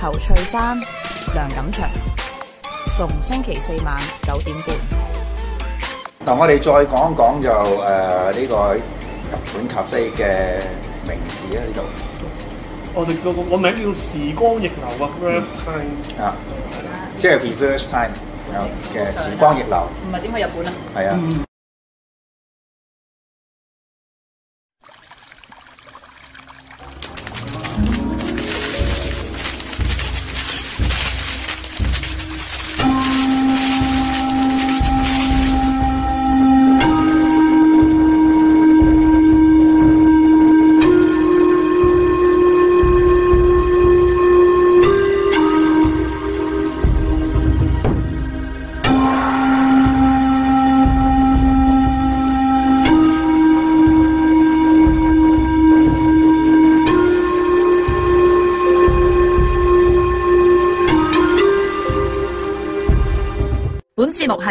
侯翠珊、梁錦祥，逢星期四晚九點半。嗱，我哋再講一講就誒呢個日本咖啡嘅名字啊，呢度。我哋個我名叫時光逆流啊，Reverse Time 啊，即係 Reverse Time 嘅時光逆流。唔係點去日本啊？係啊。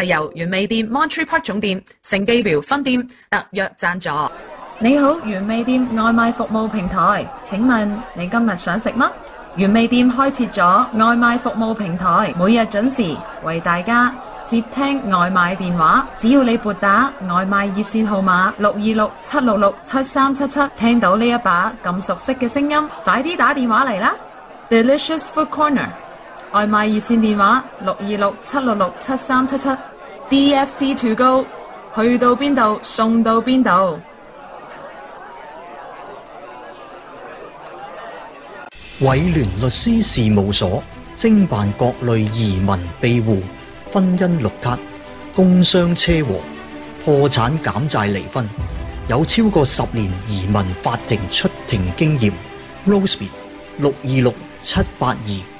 係由原味店 Monterey Park 總店、盛記廟分店特約贊助。你好，原味店外賣服務平台，請問你今日想食乜？原味店開設咗外賣服務平台，每日準時為大家接聽外賣電話。只要你撥打外賣熱線號碼六二六七六六七三七七，7 7，聽到呢一把咁熟悉嘅聲音，快啲打電話嚟啦！Delicious Food Corner。外賣熱線電話六二六七六六七三七七 D F C To Go 去到邊度送到邊度？偉聯律師事務所精辦各類移民庇護、婚姻綠卡、工傷車禍、破產減債離婚，有超過十年移民法庭出庭經驗。Rosebud 六二六七八二。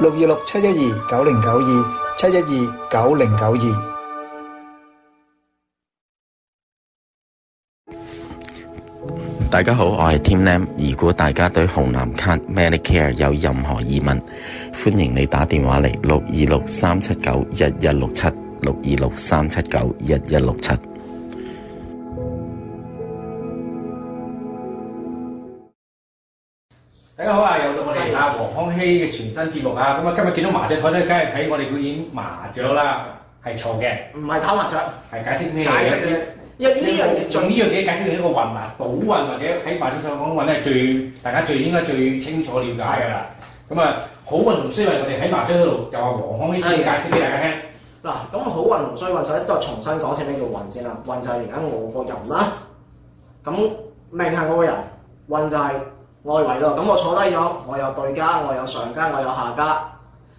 六二六七一二九零九二七一二九零九二，26, 12, 92, 12，大家好，我係 Tim Lam。如果大家對紅藍卡 Medicare 有任何疑問，歡迎你打電話嚟六二六三七九一一六七，六二六三七九一一六七。大家好啊！又到我哋阿黃康禧嘅全新節目啊！咁啊，今日見到麻雀台咧，梗係睇我哋表演麻雀啦，係錯嘅，唔係打麻雀，係解釋咩嚟嘅？因為呢樣嘢，用呢樣嘢解釋一個運、麻、賭運或者喺麻雀上講運咧，係最大家最應該最清楚了解嘅啦。咁啊，好運同衰運，我哋喺麻雀嗰度又話黃康禧先解釋俾大家聽。嗱，咁好運同衰運，首先都係重新講清楚呢個運先啦。運就係而家我個人啦，咁命係我個人，運就係。外圍咯，咁我坐低咗，我有對家，我有上家，我有下家。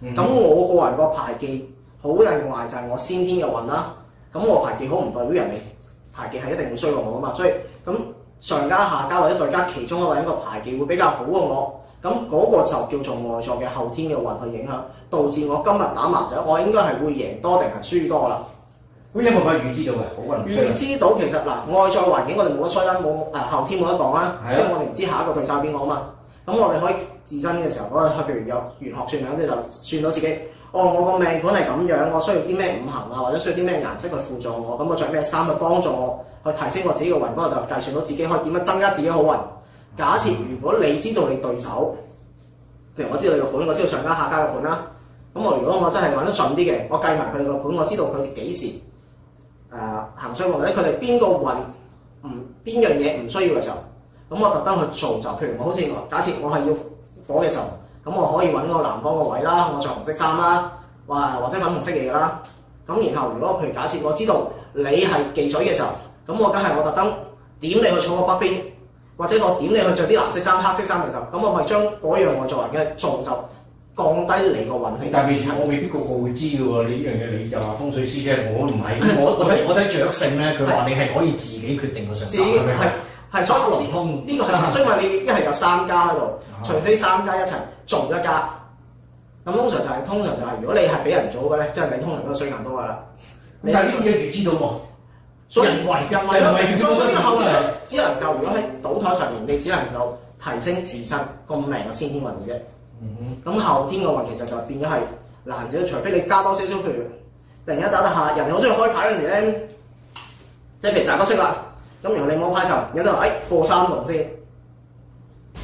咁、mm hmm. 我個人個牌技好定壞，就係我先天嘅運啦。咁我牌技好唔代表人哋牌技係一定會衰過我啊嘛。所以咁上家、下家或者對家其中一位，個牌技會比較好過我，咁嗰個就叫做外在嘅後天嘅運去影響，導致我今日打麻雀，我應該係會贏多定係輸多啦。我因為可以預知到嘅，好難預知到。其實嗱、呃，外在環境我哋冇得猜啦，冇誒、啊、後天冇得講啦，因為我哋唔知下一個對手邊個啊嘛。咁我哋可以自身嘅時候嗰個，譬如有玄學算命，你就算到自己哦，我個命盤係咁樣，我需要啲咩五行啊，或者需要啲咩顏色去輔助我，咁我着咩衫去幫助我，去提升我自己嘅運，咁我就計算到自己可以點樣增加自己好運。假設如果你知道你對手，譬如我知道你個盤，我知道上家下家嘅盤啦，咁我如果我真係揾得準啲嘅，我計埋佢哋個盤，我知道佢幾時。誒、呃、行商務咧，佢哋邊個運唔邊樣嘢唔需要嘅時候，咁我特登去做就，譬如好我好似我假設我係要火嘅時候，咁我可以揾個南方個位啦，我着紅色衫啦，哇或者粉紅色嘢啦，咁然後如果譬如假設我知道你係忌水嘅時候，咁我梗係我特登點你去坐個北邊，或者我點你去着啲藍色衫、黑色衫嘅時候，咁我咪將嗰樣外在嘅做就。降低你個運氣，但係未，我未必個個會知㗎喎。你呢樣嘢你就話風水師啫，我唔係。我我睇我睇着性咧。佢話你係可以自己決定個上法，係所謂流空，呢個係，所以話你一係有三家喺度，除非三家一齊做一家，咁通常就係通常就係如果你係俾人做嘅咧，即係你通常都衰硬多噶啦。你係呢啲嘢你知道喎，所以人為嘅嘛。所以呢個後期只能夠如果喺賭台上面，你只能夠提升自身個命嘅先天運氣啫。咁、嗯、後天嘅運其實就變咗係難嘅，啊、除非你加多少少譬如突然間打得下人哋好中意開牌嗰時咧， 即係牌就唔識啦。咁然後你冇派就有得人誒、哎、過三龍先，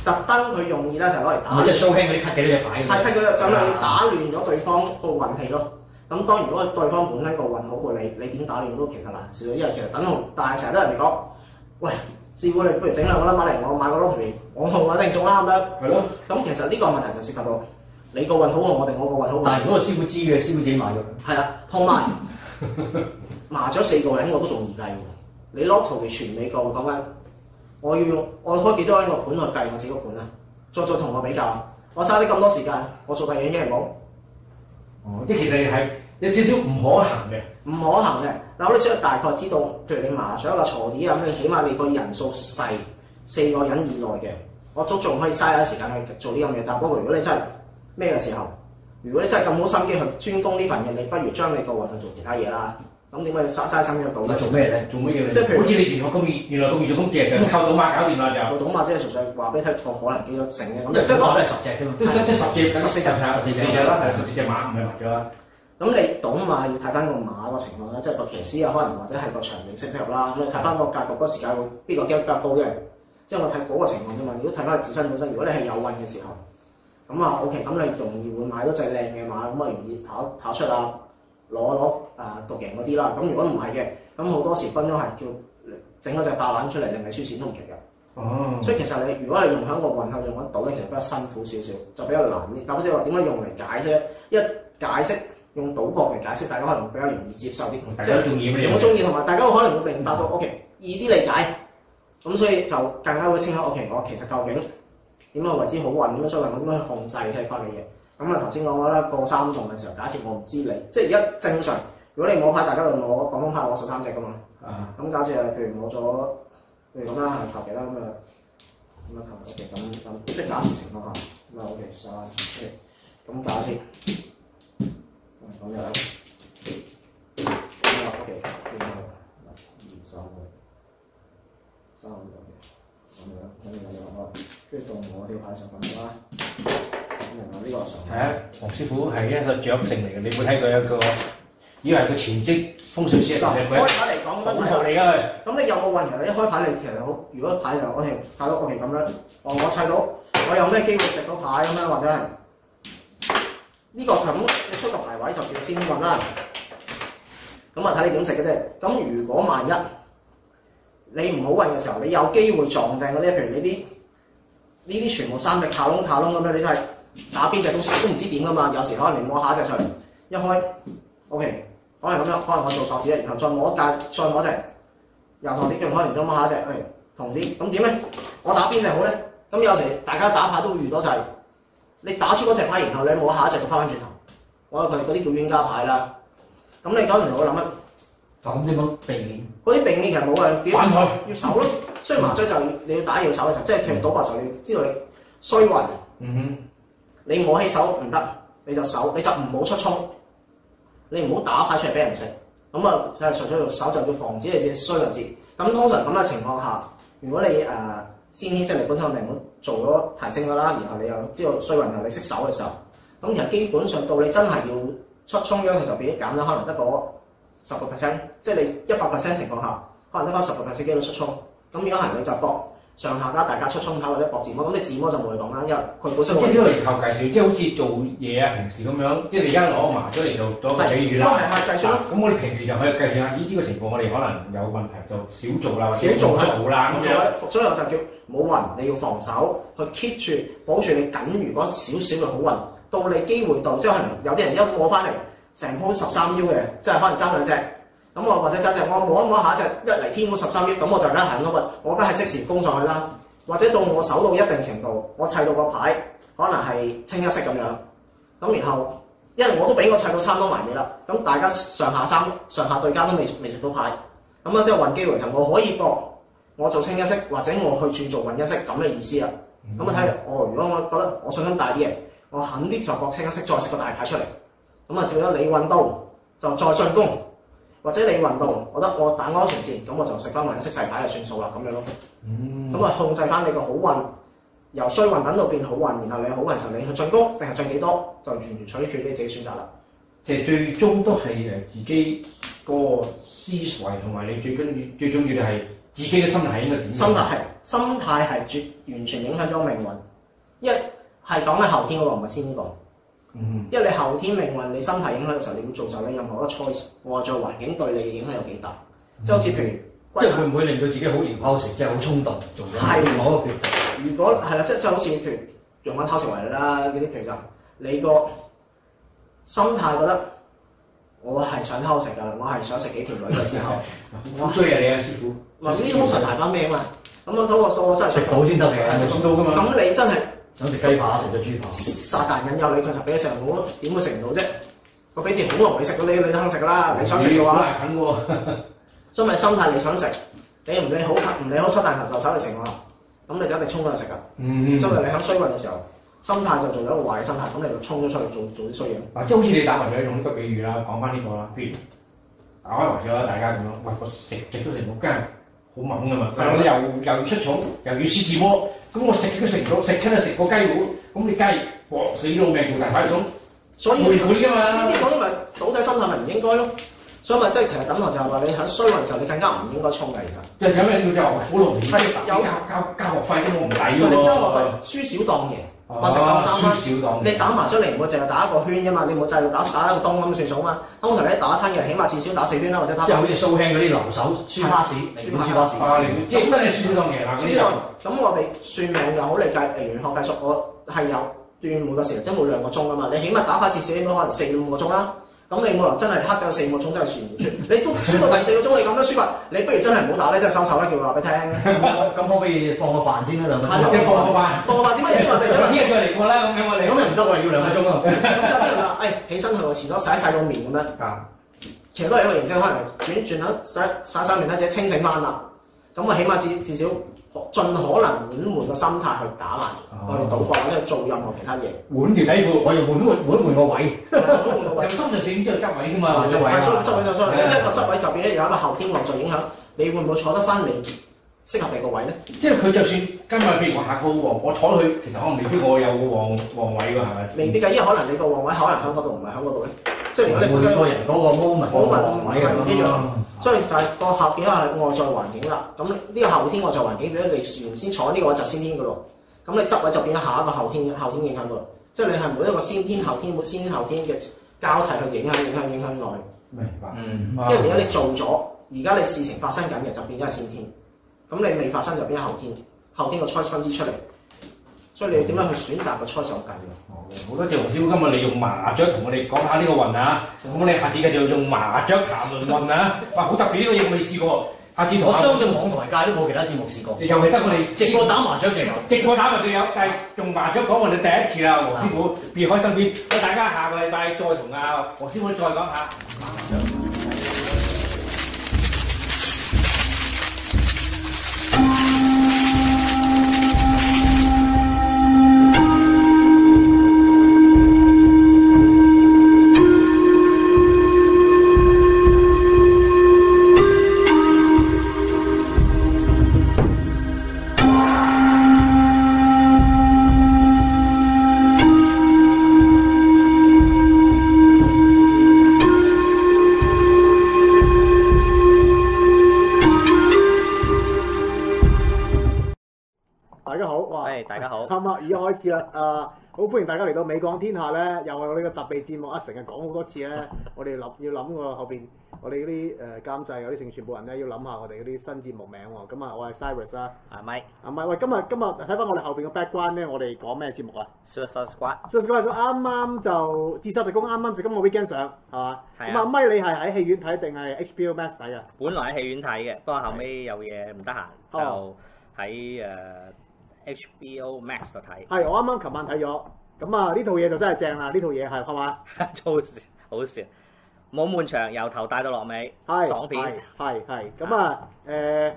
特登佢用意咧就攞、是、嚟打，即係蘇輕嗰啲批幾多隻牌。係批佢就真、是、係打亂咗對方個運氣咯。咁、嗯、當然如果對方本身個運好過你，你點打亂都其實難少少，因為其實等號，但係成日都人哋講喂。師傅，你不如整兩個粒買嚟，我買個 lottery，我同我定中啦咁樣。係咯的。咁、嗯、其實呢個問題就涉及到你個運好喎，我定我個運好。運好運好，但係如果師傅知嘅，師傅自己買咗。係啊的，同埋麻雀四個人我都仲唔計喎。你 lottery 全美國講緊，我要用我開幾多個盤去計我自己個盤啊？再再同我比較，我嘥你咁多時間，我做第嘢咩冇？哦，即其實係。有少少唔可行嘅，唔可行嘅。嗱，我哋只係大概知道，譬如你麻雀個坐點啊，咁你起碼你個人數細四個人以內嘅，我都仲可以嘥下時間去做呢樣嘢。但係不過如果你真係咩嘅時候，如果你真係咁好心機去專攻呢份嘢，你不如將你個運去做其他嘢啦。咁點解要嘥嘥心機去賭？做咩咧？做咩嘅？即係譬如好似你原來咁熱，原來工業做咁隻嘅，靠到馬搞掂啦就？靠賭馬即係純粹話俾你聽，個可能幾多成嘅。咁你賭馬都係十隻啫嘛？都真十隻，十四隻，十隻啦，係十隻嘅馬唔係埋咗啦。咁你賭馬，要睇翻個馬個情況咧，即係個騎師啊，可能或者係個場地適合啦。咁你睇翻個格局，嗰個時間邊個機率比較高嘅？即係我睇嗰個情況啫嘛。如果睇翻自身本身，如果你係有運嘅時候，咁啊 OK，咁你容易會買到隻靚嘅馬，咁啊容易跑跑出啊攞攞誒獨贏嗰啲啦。咁如果唔係嘅，咁好多時分都係叫整嗰隻白癲出嚟，令你輸錢都唔奇㗎。哦、嗯，所以其實你如果係用響個運向上揾到，咧，其實比較辛苦少少，就比較難啲。但係好似話點解用嚟解啫？一解釋。用賭博嚟解釋，大家可能會比較容易接受啲，即係好中意，意。同埋大家，大家可能會明白到，OK，易啲理解，咁所以就更加會清楚。OK，我、嗯、其實究竟點樣為之好運，所以我能點去控制呢？翻嘅嘢，咁啊頭先講過啦，過三棟嘅時候，假設我唔知你，即係而家正常。如果你攞牌，大家就攞廣東牌，besar, 我十三隻噶嘛。咁假設啊，譬如攞咗，譬如咁啦，求其啦，咁啊，咁啊，求其咁咁，即係假設情況下，咁啊，OK，三，咁假設。咁樣、OK，樣，咁啊，OK，咁啊，兩手嘅，三手嘅，咁樣，咁樣就開，跟住到我條牌就發啦。咁啊，呢個就係，係啊，黃師傅係一個掌勝嚟嘅，你有冇睇過一個以為個前職風水師啊？開牌嚟講，乜都係，冇圖嚟嘅佢。咁你有冇運啊？一開牌你其實好，如果牌就好似牌攞過嚟咁樣，哦，我砌到，我有咩機會食到牌咁咧？或者？呢、這個咁，你出個排位就叫先運啦。咁啊睇你點食嘅啫。咁如果萬一你唔好運嘅時候，你有機會撞正嗰啲，譬如你啲呢啲全部三隻卡窿卡窿咁樣，你睇打邊隻都都唔知點㗎嘛。有時可能你摸下一隻上，一開 OK，可能咁樣，可能我做鎖匙，然後再摸一大，再摸一隻又鎖匙，叫唔開，然之後摸下一隻，誒同啲咁點咧？我打邊隻好呢？咁有時大家打牌都會遇到就係。你打出嗰隻牌，然後你摸下一隻就翻返轉頭，我話佢哋嗰啲叫冤家牌啦。咁你搞完落去諗乜？就咁點樣避免？嗰啲避免其實冇嘅，點要手要咯。 所以麻雀就你要打要守嘅時候，嗯、即係譬唔到白時候，你知道你衰運。嗯哼，你摸起手唔得，你就守，你就唔好出衝，你唔好打牌出嚟俾人食。咁啊，就係除咗要守，就要防止你自己衰運字。咁通常咁嘅情況下，如果你誒。呃先，即係你本身嘅盈股做咗提升噶啦，然後你又知道衰運又你識手嘅時候，咁其實基本上到你真係要出衝嗰陣，就變咗減啦，可能得個十個 percent，即係你一百 percent 情況下，可能得翻十個 percent 機會出衝，咁樣係係你就搏。上下家大家出銃口或者搏自摸，咁你自摸就冇會講啦，因為佢本身即係呢個嚟靠計算，即係好似做嘢啊平時咁樣，即係你而家攞埋咗嚟做做個例子啦。 都係係計算啦。咁我哋平時就可以計算啦。呢啲個情況、嗯、我哋可能有問題就少做啦，或者冇做啦。咁就所以我就叫冇運，你要防守去 keep 住，保住你僅餘嗰少少嘅好運。到你機會到，即係可能有啲人一攞翻嚟，成鋪十三幺嘅，即係可能爭兩隻。咁我或者就係我摸一摸下就一嚟天盤十三億，咁我就咧行到運，我都係即時攻上去啦。或者到我守到一定程度，我砌到個牌，可能係清一色咁樣。咁然後因為我都俾我砌到差唔多埋尾啦，咁大家上下三上下對家都未未食到牌，咁啊，即係搵機會就我可以博，我做清一色，或者我去轉做混一色咁嘅意思啦。咁啊睇，嗯嗯，哦如果我覺得我信心大啲嘅，我肯啲就博清一色，再食個大牌出嚟。咁啊，照咗你運刀，就再進攻。或者你運動，我得我打安全戰，咁我就食翻銀色細牌就算數啦，咁樣咯。咁啊、嗯，控制翻你個好運，由衰運等到變好運，然後你好運時候，你去進攻，定係進幾多，就完全取決於你自己選擇啦。其實最終都係誒自己個思維，同埋你最緊要、最重要嘅係自己嘅心態應該點？心態係，心態係絕完全影響咗命運。一係講緊後天，我唔係先呢、呢個。因為你後天命運、你心態影響嘅時候，你會造就你任何一個 choice 外在環境對你嘅影響有幾大，即係好似譬如，即係會唔會令到自己好易偷食，即係好衝動做太過嘅決定？如果係啦，即係即係好似譬如用緊偷食為例啦，嗰啲其實你個心態覺得我係想偷食㗎，我係想食幾條女嘅時候，我追啊你啊師傅，嗱呢啲通常大把命啊，咁我攞個數我真係食到先得㗎，咁你真係。想食雞扒，食咗豬扒。撒旦引誘你，佢實俾你食唔到囉，點會食唔到啫？我俾條好路你食，你你都肯食啦。你想食嘅話，所以咪心態你想食，你唔理好唔理好出大頭就走去食啦。咁你就一定衝去食噶。嗯。因為你喺衰運嘅時候，心態就做咗一個壞心態，咁你就衝咗出去做做啲衰嘢。嗱、啊，即係好似你打麻雀用呢個比喻啦，講翻呢個啦。譬如打開麻雀啦，大家咁樣，喂，食食咗成多間？吃好猛啊嘛！但咁你又又要出重，又要試試窩，咁我食都食唔到，食親都食個雞糊。咁你雞搏死老命做大擺鐘，所以會股㗎嘛？呢啲咁咪倒底心態咪唔應該咯？所以咪即係其實等同就係、是、話你喺衰運時候，你更加唔應該衝嘅而家。即係有咩叫做好容易。抵、就是？有教教教學費㗎嘛？唔抵喎！你交學費，輸少當贏。百十蚊三分，你打埋出嚟唔好淨係打一個圈啫嘛，你唔好就打打一個東咁算數嘛。通常你打一親嘅，起碼至少打四圈啦，或者即就好似蘇興嗰啲留守書花士，總之係輸少檔。輸少，咁我哋算命又好理解。例如學計術，我係有段冇咁長，即係冇兩個鐘啊嘛。你起碼打返至少應該可能四五個鐘啦。咁你冇理由真係黑咗四五個鐘，真係全唔出。你都輸到第四個鐘，你咁樣輸法，你不如真係唔好打咧，真係收手啦。叫話俾你聽咧。咁可唔可以放個飯先咧？兩分鐘放個飯，放個飯點解？因為第二日啲再嚟過咧，咁樣咁又唔得，我又要兩個鐘啊。咁就真係啦。誒、哎，起身去我廁咗，洗一洗個面咁樣。啊、就是，其實都係一個形式，可能轉轉下洗洗洗面咧，即清醒翻啦。咁啊，起碼至至少。盡可能緩緩個心態去打慢，哦，去賭博或者做任何其他嘢。換條底褲，我要換換換換個位。有心就少啲之後執位㗎嘛。做位執位就衰啦。 對一個執位就變咗有一個後天外在影響，你會唔會坐得翻你適合你個位咧？即係佢就算今日譬如我下個好旺，我坐咗去，其實可能未必我有，有個旺旺位㗎，係咪？未必嘅，因為可能你個旺位可能喺嗰度，唔係喺嗰度咧。即係如果你每身個人嗰個 m o m e n t m o 唔係，所以就係個條件係外在環境啦。咁呢、嗯、個後天外在環境俾你原先採呢個就先天嘅咯。咁你執位就變咗下一個後天，後天影響嘅。即係你係每一個先天後天，每先天後天嘅交替去影響、影響、影響內。明白。嗯、因為而家你做咗，而家你事情發生緊嘅就變咗係先天。咁你未發生就變後天，後天個初 h 分支出嚟。所以你要點樣去選擇個初 h o 計好多謝黃師傅，今日你用麻雀同我哋講下呢個運啊！咁唔好？你下次嘅就用麻雀談論運啊！ 哇，好特別呢、這個嘢，我未試過。下次傅，我相信網台界都冇其他節目試過。尤其得我哋直個打麻雀，直個打麻雀直。直打就有， 但係用麻雀講運係第一次啊！黃師傅別開心邊，咁大家下個禮拜再同阿黃師傅再講下麻雀。啦，啊，好歡迎大家嚟到《美港天下》咧，又係我備、啊、呢嘅特備節目啊！成日講好多次咧，我哋諗要諗個後邊，我哋嗰啲誒監製啊，啲成全部人咧要諗下我哋嗰啲新節目名喎。咁啊，我係 Cyrus 啊，阿 Mike 阿 Mike 喂，今日今日睇翻我哋後邊嘅 Background 咧，我哋講咩節目啊 Suicide Squad, Suicide Squad，啱啱就《自殺特攻》，啱啱就今日 Weekend 上，係嘛？係是啊，啊。咁啊 Mike 你係喺戲院睇定係 HBO Max 睇啊？本來喺戲院睇嘅，不過後尾有嘢唔得閒，的就喺在誒。嗯 HBO Max 度睇，係我啱啱琴晚睇咗，咁啊呢套嘢就真係正啦！呢套嘢係係嘛，好笑，冇悶場，由頭帶到落尾，係爽片，係係咁啊誒，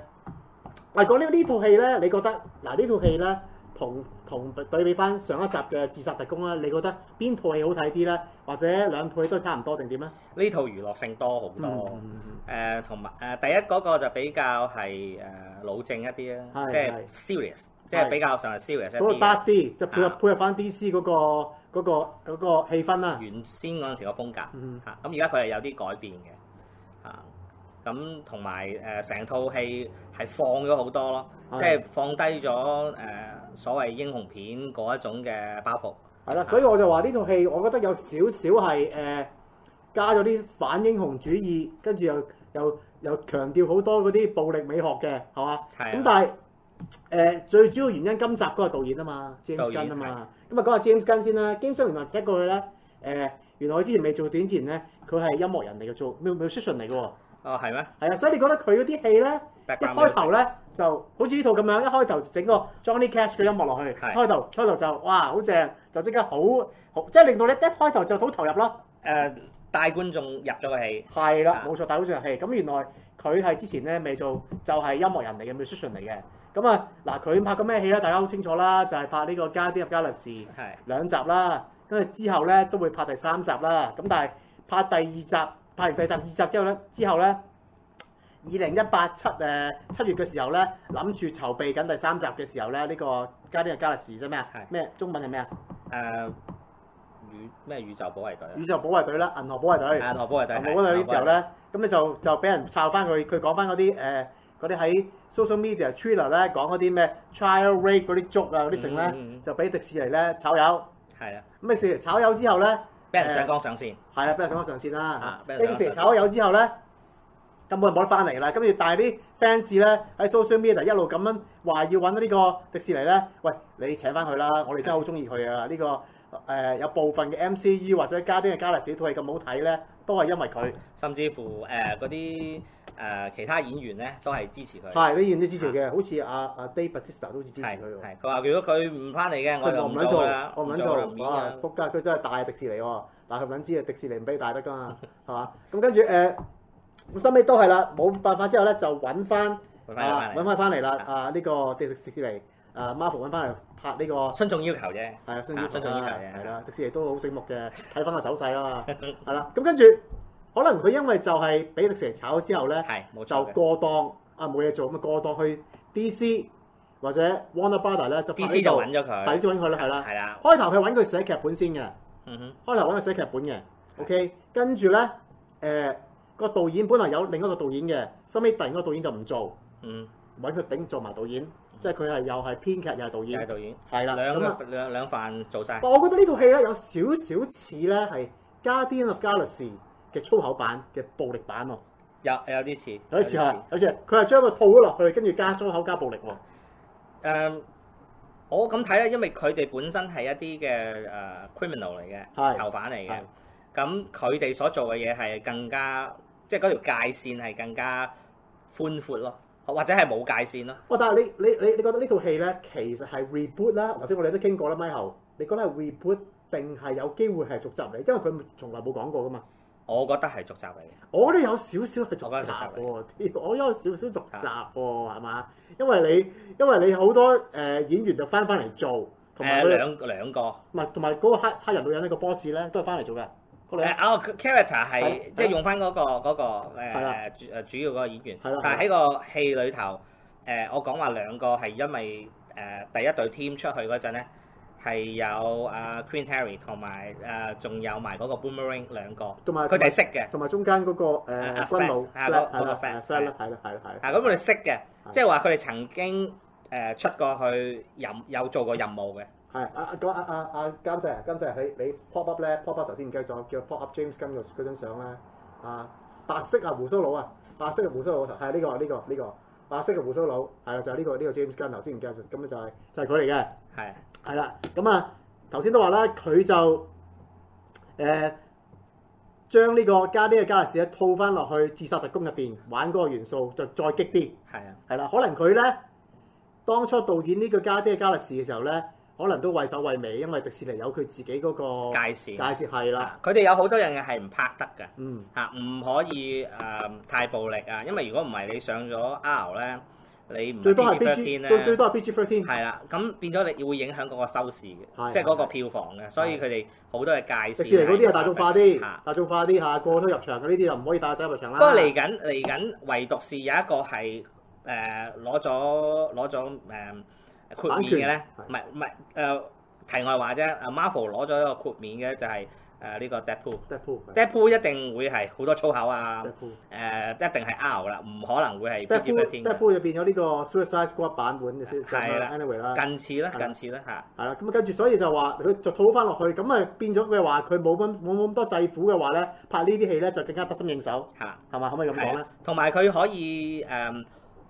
喂，講呢呢套戲咧，你覺得嗱呢套戲咧，同同對比翻上一集嘅《自殺特攻》咧，你覺得邊套戲好睇啲咧？或者兩套戲都差唔多定點咧？呢套娛樂性多好多，誒同埋誒第一嗰個就比較係誒老正一啲啊，即係 serious。是即係比較上係 serious，嗰、那個 dark 啲，就配合配合翻 DC 嗰個嗰個氣氛啦。原先嗰陣時個風格、嗯，嚇咁而家佢係有啲改變嘅，嚇咁同埋誒成套戲係放咗好多咯，即係放低咗誒所謂英雄片嗰一種嘅包袱。係啦，所以我就話呢套戲，我覺得有少少係誒加咗啲反英雄主義，跟住又又又強調好多嗰啲暴力美學嘅，係嘛？係。咁但係。誒，最主要原因今集嗰個導演啊嘛，James Gunn 啊嘛，咁啊講下 James Gunn 先啦。James 原來 check 過佢咧，誒，原來佢之前未做短片咧，佢係音樂人嚟嘅，做 musician 嚟嘅。哦，係咩？係啊，所以你覺得佢嗰啲戲咧，一開頭咧就好似呢套咁樣，一開頭整個 Johnny Cash 嘅音樂落去，是的 開頭開頭就哇好正，就即刻好好，即係令到你一開頭就好投入咯。誒，帶觀眾入咗個戲。係啦，冇錯，帶觀眾入戲。咁、啊、原來佢係之前咧未做，就係音樂人嚟嘅 musician 嚟嘅。咁啊，嗱佢、嗯、拍緊咩戲咧？大家好清楚啦，就係、是、拍呢、這個《Guardian of Galaxy》，是的 兩集啦。跟住之後咧，都會拍第三集啦。咁但係拍第二集，拍完第二集，二集之後咧，之後咧，二零一八七誒七月嘅時候咧，諗住籌備緊第三集嘅時候咧，呢、這個《Guardian of Galaxy》即係咩啊？咩是的 中文係咩啊？誒、呃，宇咩宇宙保衞隊？宇宙保衞隊啦，銀河保衞隊。銀河保衞隊。銀河保衞隊。嗰的時候咧，咁你就就俾人抄翻佢，佢講翻嗰啲誒。嗯嗯嗯嗰啲喺 social media Twitter 咧講嗰啲咩 child rape 嗰啲足啊嗰啲成咧，就俾迪士尼咧炒魷。係 啊，咁咪事炒魷之後咧，俾人上崗上線。係 啊，俾人上崗上線啦。俾咁時炒魷之後咧、欸，根本就冇得翻嚟啦。跟住帶啲 fans 咧喺 social media 一路咁樣話要搵到呢個迪士尼咧，喂你請翻佢啦，我哋真係好中意佢啊！呢、這個誒、呃、有部分嘅 MCU 或者家丁嘅加勒比海島係咁好睇咧。都係因為佢，甚至乎誒嗰啲誒其他演員咧都係支持佢。係，啲演員都支持嘅，好似阿阿 Dave Bautista 都支持佢喎。佢話：如果佢唔翻嚟嘅，我就唔捻做我唔捻做。哇，仆街，佢真係大迪士尼喎，但係佢唔知啊，迪士尼唔俾大得噶嘛，係嘛？咁跟住誒，咁收尾都係啦，冇辦法之後咧就揾翻揾翻揾翻翻嚟啦，啊呢個迪士尼。啊！Marvel 揾翻嚟拍呢個，新眾要求啫，係啊，新眾要求啊，係啦，迪士尼都好醒目嘅，睇翻個走勢啦嘛，係啦，咁跟住可能佢因為就係比迪士尼炒咗之後咧，係冇就過檔啊，冇嘢做咁啊過檔去 DC 或者 Warner Brothers 咧，就揾咗佢，係 DC 揾佢啦，係啦，係啦。開頭佢揾佢寫劇本先嘅，嗯哼，開頭揾佢寫劇本嘅，OK，跟住咧，誒個導演本來有另一個導演嘅，收尾第二個導演就唔做，嗯，揾佢頂做埋導演。即係佢係又係編劇又係導演，又係導演，係啦個那，兩兩兩飯做晒。我覺得呢套戲咧有少少似咧係《Guardian of Galaxy》嘅粗口版嘅暴力版喎。有有啲似，有啲似啊，有啲似。佢係將個套咗落去，跟住加粗口加暴力喎、嗯。我咁睇啦，因為佢哋本身係一啲嘅誒 criminal 嚟嘅，囚犯嚟嘅，咁佢哋所做嘅嘢係更加，即係嗰條界線係更加寬闊咯。或者係冇界線咯、啊。哦，但係你你你你覺得呢套戲咧，其實係 reboot 啦。頭先我哋都傾過啦，Michael，你覺得係 reboot 定係有機會係續集嚟？因為佢從來冇講過㗎嘛。我覺得係續集嚟、哦。我都有少少係續集喎。天，我有少少續集喎，係嘛是的？因為你因為你好多誒演員就翻翻嚟做，同埋佢兩兩個，唔係同埋嗰個黑黑人女人呢個 boss 咧，都係翻嚟做嘅。哦，character 係即係用翻嗰個嗰個誒主要嗰個演員，但係喺個戲裏頭誒，我講話兩個係因為誒第一隊 team 出去嗰陣咧，係有阿 Queen Harry 同埋誒仲有埋嗰個 Boomerang 兩個，同埋佢哋識嘅，同埋中間嗰個誒分母，係啦係啦係啦，係啦係啦，啊咁佢哋識嘅，即係話佢哋曾經誒出過去任有做過任務嘅。係啊！咁阿阿阿監製，監製，你你 pop up 咧，pop up 頭先唔記得咗，叫 pop up James Gunn 嗰嗰張相咧。啊，白色啊胡鬚佬啊，白色嘅胡鬚佬頭，係呢個呢個呢個白色嘅胡鬚佬，係啊，啊、就係呢個呢個 James Gunn，頭先唔記得咗，咁啊就係就係佢嚟嘅，係係啦。咁啊，頭先都話啦，佢就誒將呢個家爹嘅加勒士咧套翻落去《自殺特攻》入邊玩嗰個元素，就再激啲係啊。係啦，可能佢咧當初導演呢個家爹嘅加勒士嘅時候咧。可能都畏首畏尾，因為迪士尼有佢自己嗰個界線。界線係啦，佢哋有好多樣嘢係唔拍得嘅。嗯，嚇唔可以誒太暴力啊，因為如果唔係你上咗 R 咧，你唔最多係 PG，最最多係 PG thirteen。係啦，咁變咗你會影響嗰個收視嘅，即係嗰個票房嘅。所以佢哋好多嘅界線。迪士尼嗰啲係大眾化啲，大眾化啲嚇，過咗入場呢啲就唔可以帶走入場啦。不過嚟緊嚟緊，唯獨是有一個係誒攞咗攞咗誒。闊免嘅咧，唔係唔係誒題外話啫。阿 Marvel 攞咗一個豁免嘅就係誒呢個 Deadpool, Deadpool。Deadpool，Deadpool 一定會係好多粗口啊！誒 Deadpool、呃，一定係 R 啦，唔可能會係 PG 嘅。Deadpool 又變咗呢個 Suicide Squad 版本嘅、就、先、係。係啦，anyway 啦。近似咧，近似咧嚇。係啦，咁啊，跟住所以就話佢就套翻落去，咁啊變咗嘅話，佢冇咁冇咁多掣肘嘅話咧，拍呢啲戲咧就更加得心應手嚇，係嘛係嘅？可唔可以咁講咧？同埋佢可以誒，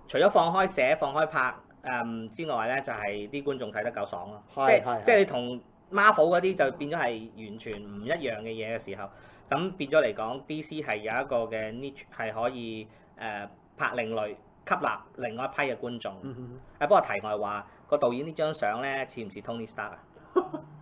除咗放開寫，放開拍。誒、嗯、之外咧，就係、是、啲觀眾睇得夠爽咯、啊，是是即係即係你同 Marvel 嗰啲就變咗係完全唔一樣嘅嘢嘅時候，咁變咗嚟講，DC 係有一個嘅 niche 係可以誒、呃、拍另類，吸納另外一批嘅觀眾。誒、嗯嗯嗯、不過題外話，個導演張呢張相咧似唔似 Tony Stark 啊？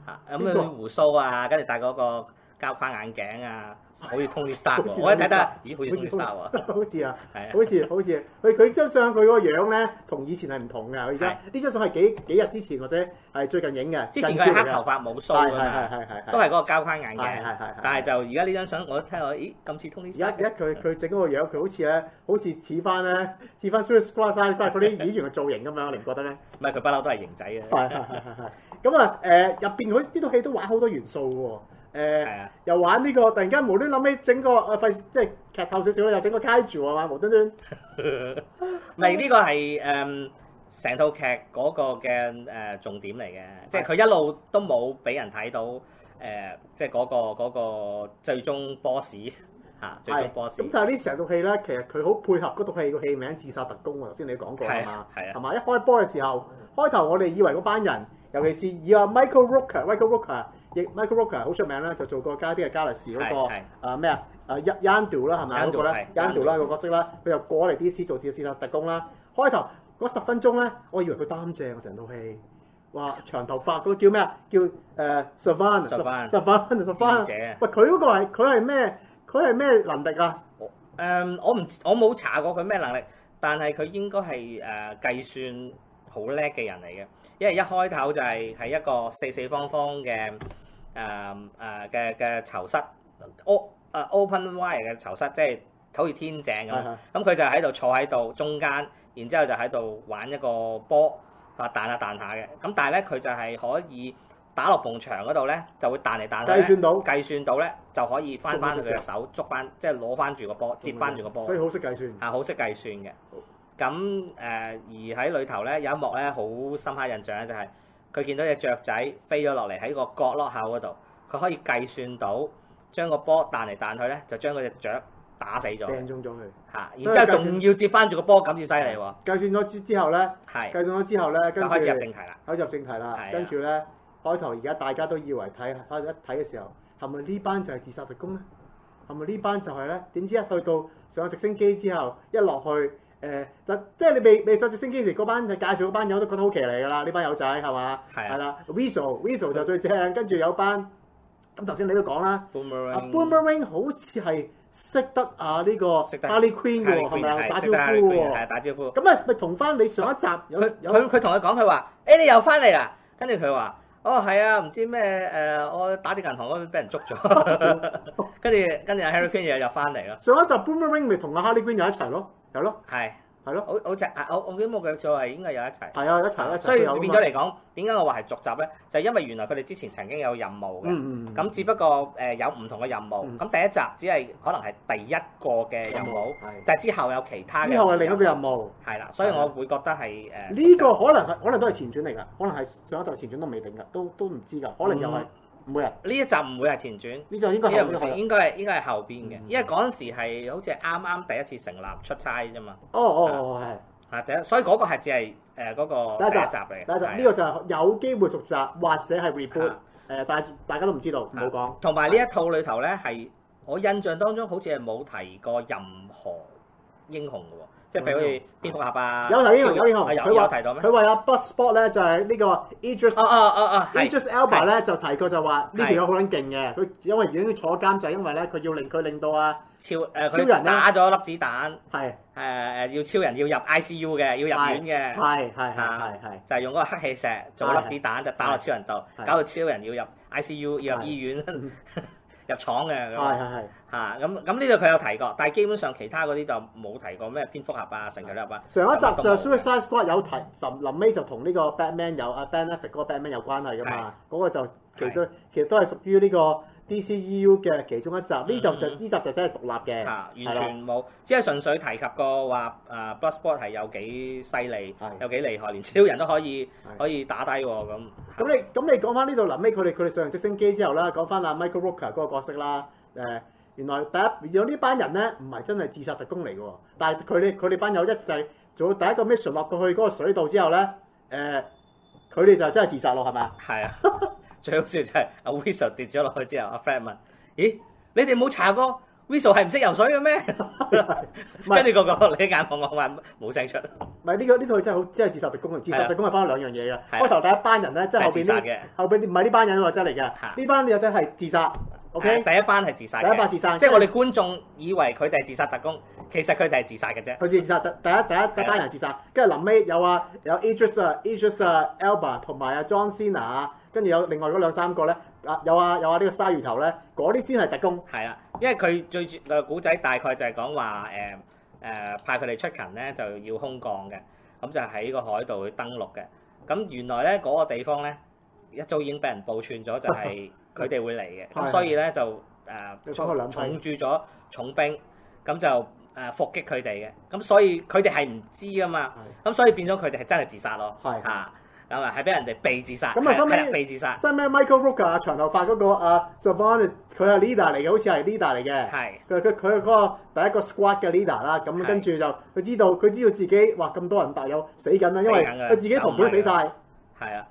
嚇、 嗯，咁樣鬍鬚啊，跟住戴嗰個。膠框眼鏡啊，好似 Tony Stark 喎，我睇得，咦，好似 Tony Stark 喎，好似啊，係啊，好似好似佢佢張相佢個樣咧，同以前係唔同嘅，佢而家呢張相係幾幾日之前或者係最近影嘅，之前佢黑頭髮冇梳啊嘛，都係嗰個膠框眼鏡，但係就而家呢張相，我一聽我咦咁似 Tony Stark，而家而家佢佢整嗰個樣，佢好似咧，好似似翻咧似翻《Suicide Squad》嗰啲演員嘅造型咁樣，我哋唔覺得咧。唔係佢不嬲都係型仔嘅，咁啊，誒，入邊佢呢套戲都玩好多元素喎。誒、呃啊、又玩呢、這個，突然間無端端諗起整個誒費、啊，即係劇透少少又整個街住啊嘛，無端端。唔呢個係誒成套劇嗰個嘅誒重點嚟嘅，即係佢一路都冇俾人睇到誒，即係嗰個最終 boss 嚇、啊，最終 boss。咁但係呢成套戲咧，其實佢好配合嗰套戲嘅戲名《自殺特攻》啊，頭先你講過係嘛？係啊的。係嘛的？一開波嘅時候，開頭我哋以為嗰班人，尤其是以阿 Michael Rooker、Rooker, Michael Rooker。Michael Rooker 係好出名咧，就做過加啲嘅加利士嗰個的啊咩啊啊 Yandu 啦，係咪嗰個咧 Yandu 啦個角色啦，佢又過嚟 DC 做 DC 特工啦。開頭嗰十分鐘咧，我以為佢擔正我成套戲，哇長頭髮嗰個叫咩啊？叫誒 Savan，Savan，Savan，Savan，姐。喂，佢嗰個係佢係咩？佢係咩能力啊？誒、嗯，我唔我冇查過佢咩能力，但係佢應該係誒計算好叻嘅人嚟嘅，因為一開頭就係係一個四四方方嘅。誒誒嘅嘅囚室，Open Wire 嘅囚室，即係好似天井咁。咁佢、嗯嗯嗯、就喺度坐喺度中間，然之後就喺度玩一個波，發彈下彈下嘅。咁但係咧，佢就係可以打落牆嗰度咧，就會彈嚟彈。計算到計算到咧，就可以翻翻佢隻手捉翻，即係攞翻住個波，接翻住個波。所以好識計算。係、嗯、好識計算嘅。咁、嗯、誒、呃，而喺裏頭咧有一幕咧好深刻印象咧，就係、是。佢見到隻雀仔飛咗落嚟喺個角落口嗰度，佢可以計算到將個波彈嚟彈去咧，就將嗰隻雀打死咗。掟中咗佢，嚇！然之後仲要接翻住個波咁至犀利喎。計是算咗之之後咧，係計算咗之後咧，跟住着就開始入正題啦。開始入正題啦，是的 跟住咧，是的 開頭而家大家都以為睇，一睇嘅時候，係咪呢班就係自殺特攻咧？係咪呢班就係咧？點知一去到上直升機之後，一落去。誒，嗱，即係你未未上直升機時，嗰班就介紹班友都覺得好騎呢㗎啦，呢班友仔係嘛？係啦、啊啊、Weasel，Weasel 就最正，跟住有班咁頭先你都講啦。Boomerang，Boomerang 好似係識得啊呢個 Harley Quinn 喎，係咪啊打招呼喎？咁咪咪同翻你上一集佢佢同佢講，佢話，誒、哎、你又翻嚟啦！跟住佢話，哦係啊，唔知咩誒、呃，我打啲銀行嗰邊俾人捉咗，跟住跟住 Harley Quinn 又入翻嚟啦。上一集 Boomerang 咪同阿 Harley Quinn 又一齊咯。有咯，係，係咯，好好似，我我記得冇錯係應該有一齊，係啊，一齊一齊。所以變咗嚟講，點解我話係續集咧？就係因為原來佢哋之前曾經有任務嘅，咁只不過誒有唔同嘅任務。咁第一集只係可能係第一個嘅任務，就係之後有其他嘅。之後係另一個任務，係啦，所以我會覺得係誒。呢個可能係可能都係前傳嚟噶，可能係上一集前傳都未定噶，都都唔知噶，可能又係。唔會啊！呢一集唔會係前傳，呢集應該一集應該係應該係應該係後邊嘅，嗯、因為嗰陣時係好似係啱啱第一次成立出差啫嘛、哦。哦哦哦，係。啊，第一，所以嗰個係只係誒嗰個第一集嚟。第一集呢的個就係有機會續集或者係 reboot，的大家都唔知道，冇講的。同埋呢一套裏頭咧，係我印象當中好似係冇提過任何英雄嘅喎。即係譬如蝙蝠俠啊，有頭英雄，有英雄。佢話佢話阿 Bloodsport 咧就係呢個。e 哦哦哦。Idris Elba 咧就提過就話呢條友好撚勁嘅，佢因為已經坐監，就因為咧佢要令佢令到阿超誒超人咧打咗粒子彈。係誒誒，要超人要入 ICU 嘅，要入院嘅。係係係係，就係用嗰個黑氣石做粒子彈，就打落超人度，搞到超人要入 ICU，要入醫院。入廠嘅係係係嚇咁咁呢度佢有提過，但係基本上其他嗰啲就冇提過咩蝙蝠俠啊、神奇女俠啊。上 一集就 Suicide Squad 有提，臨尾是的 就同呢個 Batman 有阿 Ben Affleck 嗰個 Batman 有關係噶嘛，嗰是的 個就是的 其實其實都係屬於呢個。DCU 嘅其中一集，呢、嗯嗯、集就呢集就真係獨立嘅，完全冇，吧只係純粹提及過話，誒 Bloodsport 係有幾犀利，有幾厲害，連超人都可以是的 可以打低喎咁。咁你咁你講翻呢度臨尾，佢哋佢哋上直升機之後咧，講翻阿 Michael Rooker 嗰個角色啦。誒，原來第一有呢班人咧，唔係真係自殺特攻嚟嘅，但係佢哋佢哋班友一齊，做第一個 mission 落到去嗰個水道之後咧，誒，佢哋就真係自殺咯，係咪？係啊是的。 最好笑就係阿 Whistle 跌咗落去之後，阿 Fred 問：咦，你哋冇查過 Whistle 係唔識游水嘅咩？跟住個個你眼望我眼冇聲出。唔係呢個呢套、這個、真係好，真、就、係、是、自殺特工嚟。自殺特工係翻兩樣嘢啊。開的頭第一班人咧，即係後邊後邊唔係呢班人喎，真嚟嘅。呢的班友真係自殺。O.K. 第一班係自殺。第一班自殺，自殺即係我哋觀眾以為佢哋係自殺特工，其實佢哋係自殺嘅啫。佢自殺第一第一第一，第一班人自殺，跟住臨尾有啊有 Idris、Idris、Elba 同埋阿 John Cena 跟住有另外嗰兩三個咧，啊有啊有啊！呢個鯊魚頭咧，嗰啲先係特工。係啦，因為佢最絕古仔大概就係講話誒誒派佢哋出勤咧，就要空降嘅，咁就喺個海度去登陸嘅。咁原來咧嗰個地方咧一早已經俾人報串咗，就係佢哋會嚟嘅。咁所以咧就誒重駐咗重兵，咁就誒伏擊佢哋嘅。咁所以佢哋係唔知啊嘛。咁所以變咗佢哋係真係自殺咯。係啊。咁啊，係俾人哋被自殺。咁啊，後尾被自殺。後尾 Michael Rooker 啊，長頭髮嗰個啊，Savon，佢係 leader 嚟嘅，好似係 leader 嚟嘅。係的。佢佢佢係嗰個第一個 squad 嘅 leader 啦。咁的跟住就，佢知道佢知道自己，哇！咁多人白友死緊啦，因為佢自己同伴都死晒。係啊。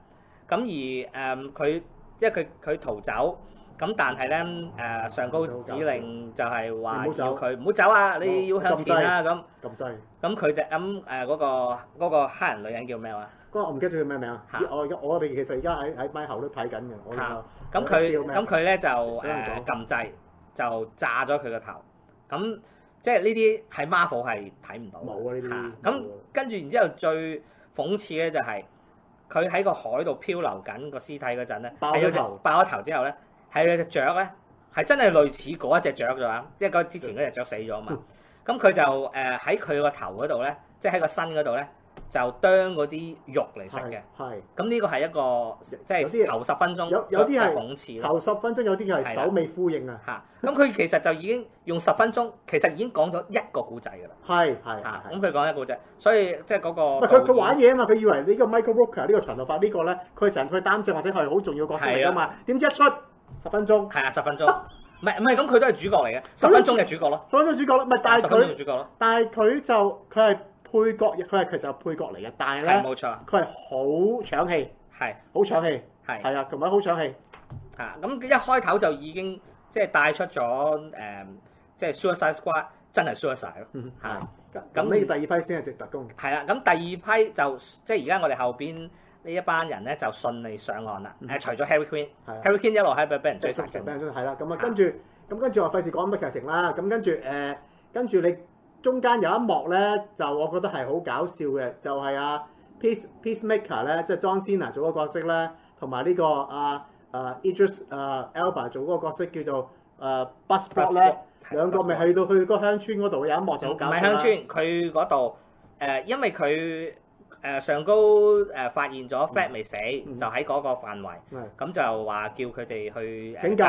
咁而誒，佢即係佢佢逃走。咁但係咧，誒上高指令就係話要佢唔好走啊！你要向前啦、啊、咁。咁滯、嗯。咁佢哋咁誒嗰個黑人女人叫咩話、啊？嗰、嗯、我唔記得咗佢咩名啊。我我哋其實而家喺喺咪後都睇緊嘅。嚇！咁佢咁佢咧就誒撳掣，就炸咗佢個頭。咁、嗯、即係呢啲喺 Marvel 係睇唔到。冇啊！呢啲嚇。咁跟住然之後最諷刺咧就係佢喺個海度漂流緊個屍體嗰陣咧，爆咗頭，爆咗頭之後咧。喺佢隻雀咧，係真係類似嗰一隻雀嘅話！因為個之前嗰隻雀死咗啊嘛。咁佢就誒喺佢個頭嗰度咧，即係喺個身嗰度咧，就啄嗰啲肉嚟食嘅。係。咁呢個係一個即係頭十分鐘有有啲係諷刺，頭十分鐘有啲係首尾呼應啊。嚇！咁佢其實就已經用十分鐘，其實已經講咗一個故仔噶啦。係係嚇。咁佢講一個故仔，所以即係嗰個。佢佢玩嘢啊嘛！佢以為呢個 Michael Rooker 呢個長頭髮呢個咧，佢成日去擔正或者係好重要角色嚟噶嘛？點知一出。十分鐘，係啊，十分鐘，唔係唔係咁，佢都係主角嚟嘅，十分鐘嘅主角咯。攞咗主角咯，唔係，但係佢，但係佢就佢係配角，佢係其實係配角嚟嘅，但係咧，係冇錯，佢係好搶戲，係好搶戲，係係啊，同埋好搶戲啊！咁佢一開頭就已經即係帶出咗誒，即係 Suicide Squad，真係 Suicide 咯嚇。咁呢第二批先係自殺特攻嘅。係啦，咁第二批就即係而家我哋後邊。呢一班人咧就順利上岸啦。係、嗯、除咗 Harry Queen, 的 Harry Queen，Harry Queen 一路喺度俾人追殺，係啦。咁啊，跟住咁的跟住話費事講乜劇情啦。咁跟住誒，跟住你中間有一幕咧，就我覺得係好搞笑嘅，就係、是、阿 Peace Peace Maker 咧，即係 John Cena 做嗰個角色咧，同埋呢個阿阿、uh, Idris 阿、uh, Elba 做嗰個角色叫做誒 Busker 咧，兩 Bus 個咪去到去個鄉村嗰度有一幕就好搞笑啦。唔係鄉村，佢嗰度誒，因為佢。誒上高誒發現咗 Flag 未死，就喺嗰個範圍，咁就話叫佢哋去拯救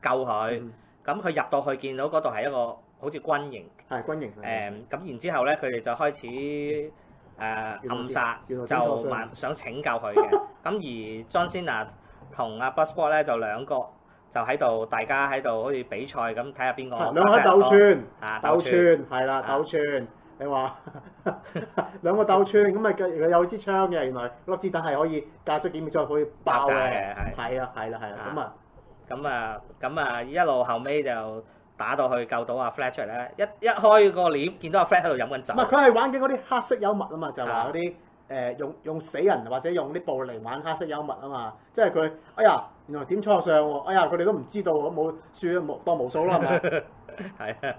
救佢。咁佢入到去見到嗰度係一個好似軍營，係軍營，誒咁然之後咧，佢哋就開始誒暗殺，就話想拯救佢嘅。咁而 John Cena 同阿 Bloodsport 咧就兩個就喺度，大家喺度好似比賽咁睇下邊個。兩個喺鬥寸，鬥寸係啦，鬥寸。你話兩個鬥穿咁咪，佢有支槍嘅，原來粒子彈係可以隔咗幾秒鐘可以爆炸嘅，係啊，係啦樣，係啦，咁啊，咁啊，咁啊，一路後尾就打到去救到阿 Flat 出嚟咧，一一開個簾，見到阿 Flat 喺度飲緊酒。唔係，佢係玩緊嗰啲黑色幽默啊嘛，就係話嗰啲誒用用死人或者用啲布嚟玩黑色幽默啊嘛，即係佢哎呀原來點錯相喎、啊，哎呀佢哋都唔知道，我冇算冇當冇數啦，係咪 的？係啊。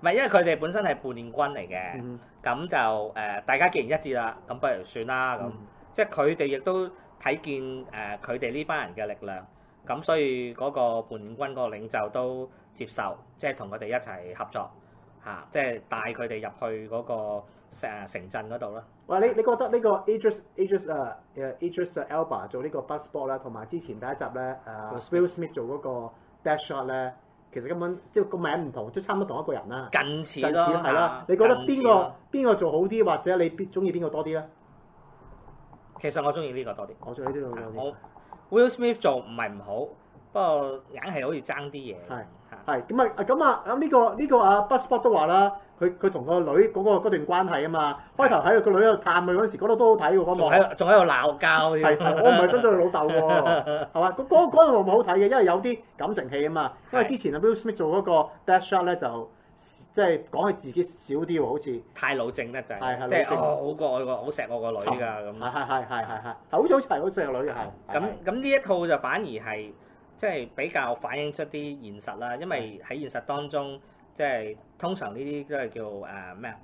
唔係，因為佢哋本身係叛亂軍嚟嘅，咁就誒，大家既然一致啦，咁不如算啦咁。嗯、即係佢哋亦都睇見誒，佢哋呢班人嘅力量，咁所以嗰個叛亂軍嗰個領袖都接受，即係同佢哋一齊合作嚇，即係帶佢哋入去嗰個城鎮嗰度咯。哇、嗯！你你覺得呢個 Idris Idris 啊、uh, 誒 Idris、uh, uh, Elba 做呢個 Bloodsport 啦，同埋之前第一集咧、uh, Will Smith 做嗰個 Deadshot 咧？其實根本即係個名唔同，都差唔多同一個人啦。近似近似係啦，你覺得邊個邊個做好啲，或者你中意邊個多啲咧？其實我中意呢個多啲、嗯。我中意呢啲多啲。Will Smith 做唔係唔好。不過硬係好似爭啲嘢，係係咁啊咁啊咁呢個呢個啊 Bloodsport 都話啦，佢佢同個女嗰段關係啊嘛，開頭喺佢個女度探佢嗰時，覺得都好睇喎，仲喺仲喺度鬧交，我唔係針對佢老豆喎，係嘛？ 嗰嗰嗰套好睇嘅，因為有啲感情戲啊嘛。因為之前阿 Will Smith 做嗰個 Deadshot 咧，就即係講係自己少啲喎，好似太老正得滯，即係好個我個好錫我個女㗎咁，係係係係係係好彩好好錫個女，係咁咁呢一套就反而係。即係比較反映出啲現實啦，因為喺現實當中，即係通常呢啲都係叫誒咩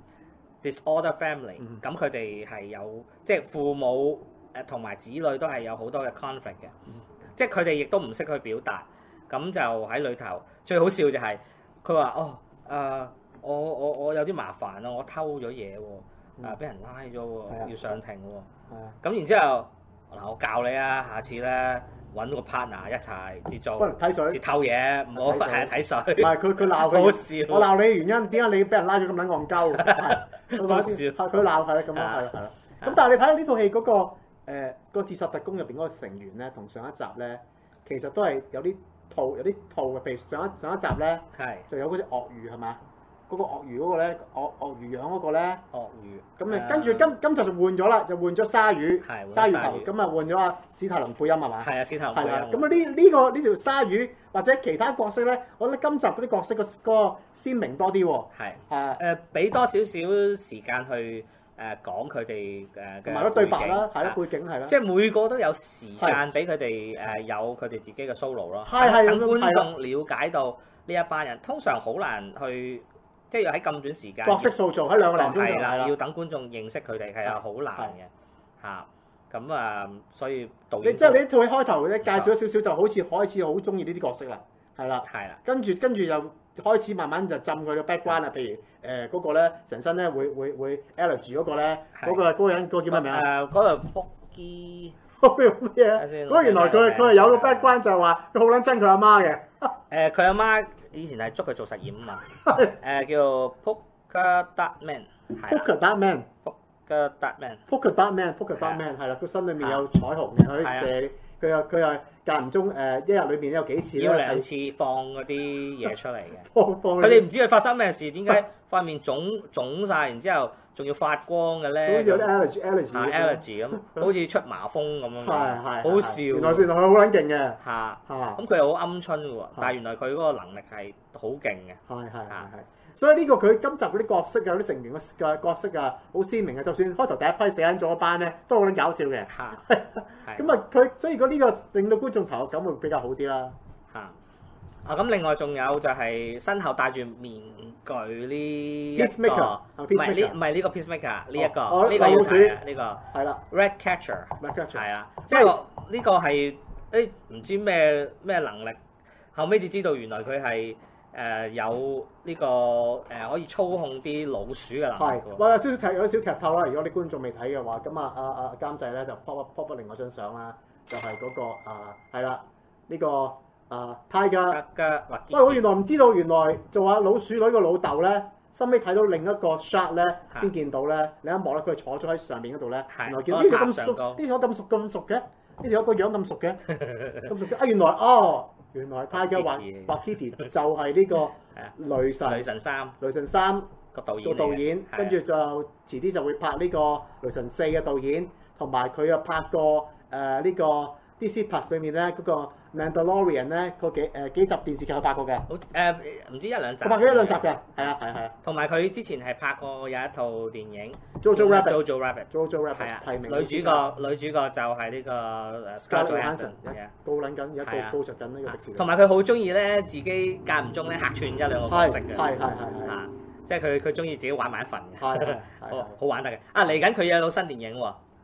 disorder family，咁佢哋係有即係父母誒同埋子女都係有好多嘅 conflict 嘅，即係佢哋亦都唔識去表達，咁就喺裏頭最好笑就係佢話哦誒、啊、我我我有啲麻煩啊，我偷咗嘢喎，誒、啊、俾人拉咗喎，嗯、哼要上庭喎，咁然之後嗱我教你啊，下次咧。揾個 partner 一齊接觸，接偷嘢唔好係睇水。唔係佢佢鬧佢，他他好 我鬧你嘅原因點解你俾人拉咗咁撚戇鳩？我佢鬧係啦咁咯，係啦係啦。咁 但係你睇下呢套戲嗰個誒、呃那個自殺特攻入邊嗰個成員咧，同上一集咧，其實都係有啲套有啲套嘅。譬如上一上一集咧，係的就有嗰隻鱷魚係嘛。嗰個鱷魚嗰個咧，鱷鱷魚樣嗰個咧，鱷魚。咁誒，跟住今今集就換咗啦，就換咗鯊魚，鯊魚頭。咁啊，換咗阿史泰龍配音係嘛？係啊，史泰龍。係啦。咁啊，呢呢個呢條鯊魚或者其他角色咧，我覺得今集嗰啲角色個嗰個鮮明多啲喎。係。啊誒，俾多少少時間去誒講佢哋誒嘅背景。埋咗對白啦，係啦，背景係啦。即係每個都有時間俾佢哋誒有佢哋自己嘅 solo 咯。係係。咁觀眾瞭解到呢一班人，通常好難去。即係要喺咁短時間，角色塑造喺兩個零鐘頭，係啦，要等觀眾認識佢哋，係啊，好的難嘅嚇。咁啊的、嗯，所以導演你即係呢套戲開頭咧，介紹少少的，就好似開始好中意呢啲角色啦，係啦，係啦的。跟住跟住就開始慢慢就浸佢嘅 background 啦。譬的如誒嗰、呃那個咧，陳生咧會會會 Alex 嗰個咧，嗰、那個嗰個人嗰個叫咩名啊？嗰個撲機撲咩啊？嗰個原來佢佢係有個 background 就係話佢好撚憎佢阿媽嘅。誒佢阿媽、媽。以前係捉佢做實驗啊嘛，誒叫做撲克達明，撲克達明，撲克達明，撲克達明，撲克達明，係啦，佢心、呃、裏面有彩虹嘅，可射佢又佢又間唔中誒一日裏邊有幾次，要兩次放嗰啲嘢出嚟嘅，佢哋唔知佢發生咩事，點解塊面腫腫晒，然之後。仲要發光嘅咧，好似有啲 allergy，allergy 咁，好似出麻風咁樣，好笑。原來原來佢好撚勁嘅，嚇，咁佢又好鵪鶉嘅喎，但係原來佢嗰個能力係好勁嘅，係係係，所以呢個佢今集嗰啲角色啊，啲成員嘅角色啊，好鮮明嘅。就算開頭第一批死緊咗嗰班咧，都好撚搞笑嘅，咁啊佢，所以如果呢個令到觀眾投入感會比較好啲啦。啊！咁另外仲有就係身後戴住面具呢一個，喔呢個，唔係呢唔係呢個 Peacemaker 呢一個，呢個老鼠呢個，係啦是的，Red Catcher，係啦的，即係呢個係誒唔知咩咩能力，後尾至知道原來佢係誒有呢、呢個誒可以操控啲老鼠嘅能力。喂，少少劇有少劇透啦。如果你觀眾未睇嘅話，咁啊啊啊監製咧就 po po po 另外張相啦，就係嗰個啊係啦，呢、呢個。啊啊、呃！泰迦，不喂，我原來唔知道，原來就話老鼠女嘅老豆咧，後尾睇到另一個 shot 咧，先見到咧。你一望咧，佢係坐咗喺上面嗰度咧。原來見到呢條咁熟，呢條咁熟咁熟嘅，呢條有個樣咁熟嘅，咁熟嘅。啊，原來哦，原來泰迦或或 Kitty 就係呢個雷神。雷 神三，雷神三個導演，個導演，跟住的就遲啲就會拍呢個雷神四嘅導演，同埋佢又拍過、呃呃這個誒呢個。DC Plus 對面咧嗰個《Mandalorian》咧，個幾誒幾集電視劇，有拍過嘅。好誒，唔知一兩集。我拍過一兩集嘅，係啊，係啊，係啊。同埋佢之前係拍過有一套電影《JoJo Rabbit》。JoJo Rabbit。JoJo Rabbit。女主角女主角就係呢個 Scarlett Johansson 係啊，高撚緊，而家高高著緊呢個角色。同埋佢好中意咧，自己間唔中咧客串一兩個角色嘅。係係係係。嚇！即係佢佢中意自己玩埋一份嘅。係係係。哦，好玩得嘅。啊，嚟緊佢有套新電影喎。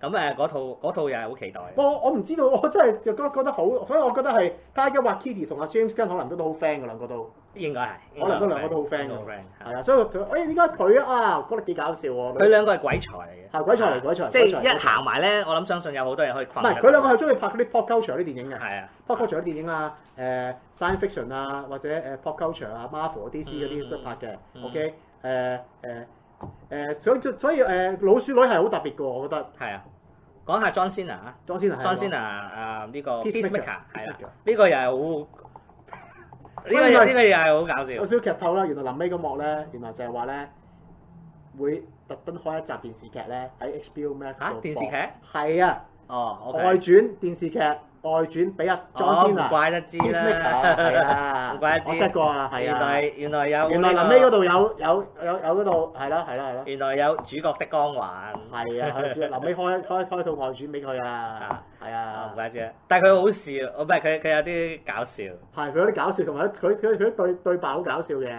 咁誒嗰套套又係好期待。我我唔知道，我真係就覺得得好，所以我覺得係。但係而家話 Kitty 同阿 James Gunn 可能都都好 friend 嘅啦，兩個都應該係，可能都兩個都好 friend 嘅，friend 係啊。所以佢，咦？點解佢啊？覺得幾搞笑，佢兩個係鬼才嚟嘅，係鬼才嚟鬼才。即係一行埋咧，我諗相信有好多人可以。唔係，佢兩個係中意拍啲 pop culture 啲電影嘅。係啊，pop culture 啲電影啊，誒 science fiction 啊，或者誒 pop culture 啊 Marvel、DC 嗰啲都拍嘅。OK，誒誒。誒，所以所以誒，老鼠女係好特別噶，我覺得係啊。講下 John Cena 啊，John Cena，John Cena 啊，啊呢個，係啦，呢個又係好，呢個呢個又係好搞笑。好少劇透啦，原來臨尾嗰幕咧，原來就係話咧會特登開一集電視劇咧喺 HBO Max 吓電視劇，係啊，哦外傳電視劇。外傳俾阿裝先啦，唔怪得知啦，係啊，我 set 過啊，係啊，原來原來有，原來臨尾度有有有有度，係啦係啦係啦，原來有主角的光環，係啊，臨尾開開開套外傳俾佢啊，係啊，唔怪之，但係佢好笑，唔係佢佢有啲搞笑，係佢有啲搞笑，同埋佢佢佢對對白好搞笑嘅，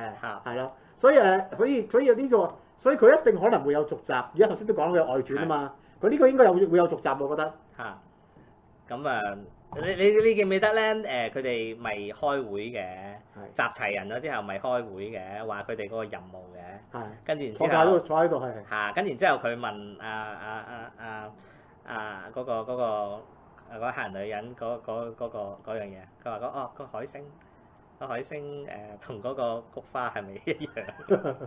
係啦，所以誒，所以所以呢個，所以佢一定可能會有續集，而家頭先都講到佢外傳啊嘛，佢呢個應該有會有續集，我覺得，係。咁啊、嗯，你你你記唔記得咧？誒、呃，佢哋咪開會嘅，的集齊人咗之後咪開會嘅，話佢哋嗰個任務嘅。係的。跟住然之後坐喺度，坐喺度係。嚇！跟住然之後佢問啊，啊，啊，啊，啊，嗰、啊那個嗰、那個嗰黑、那個、人女人嗰、那個嗰、那個、樣嘢，佢話哦個海星，個海星誒同嗰個菊花係咪一樣？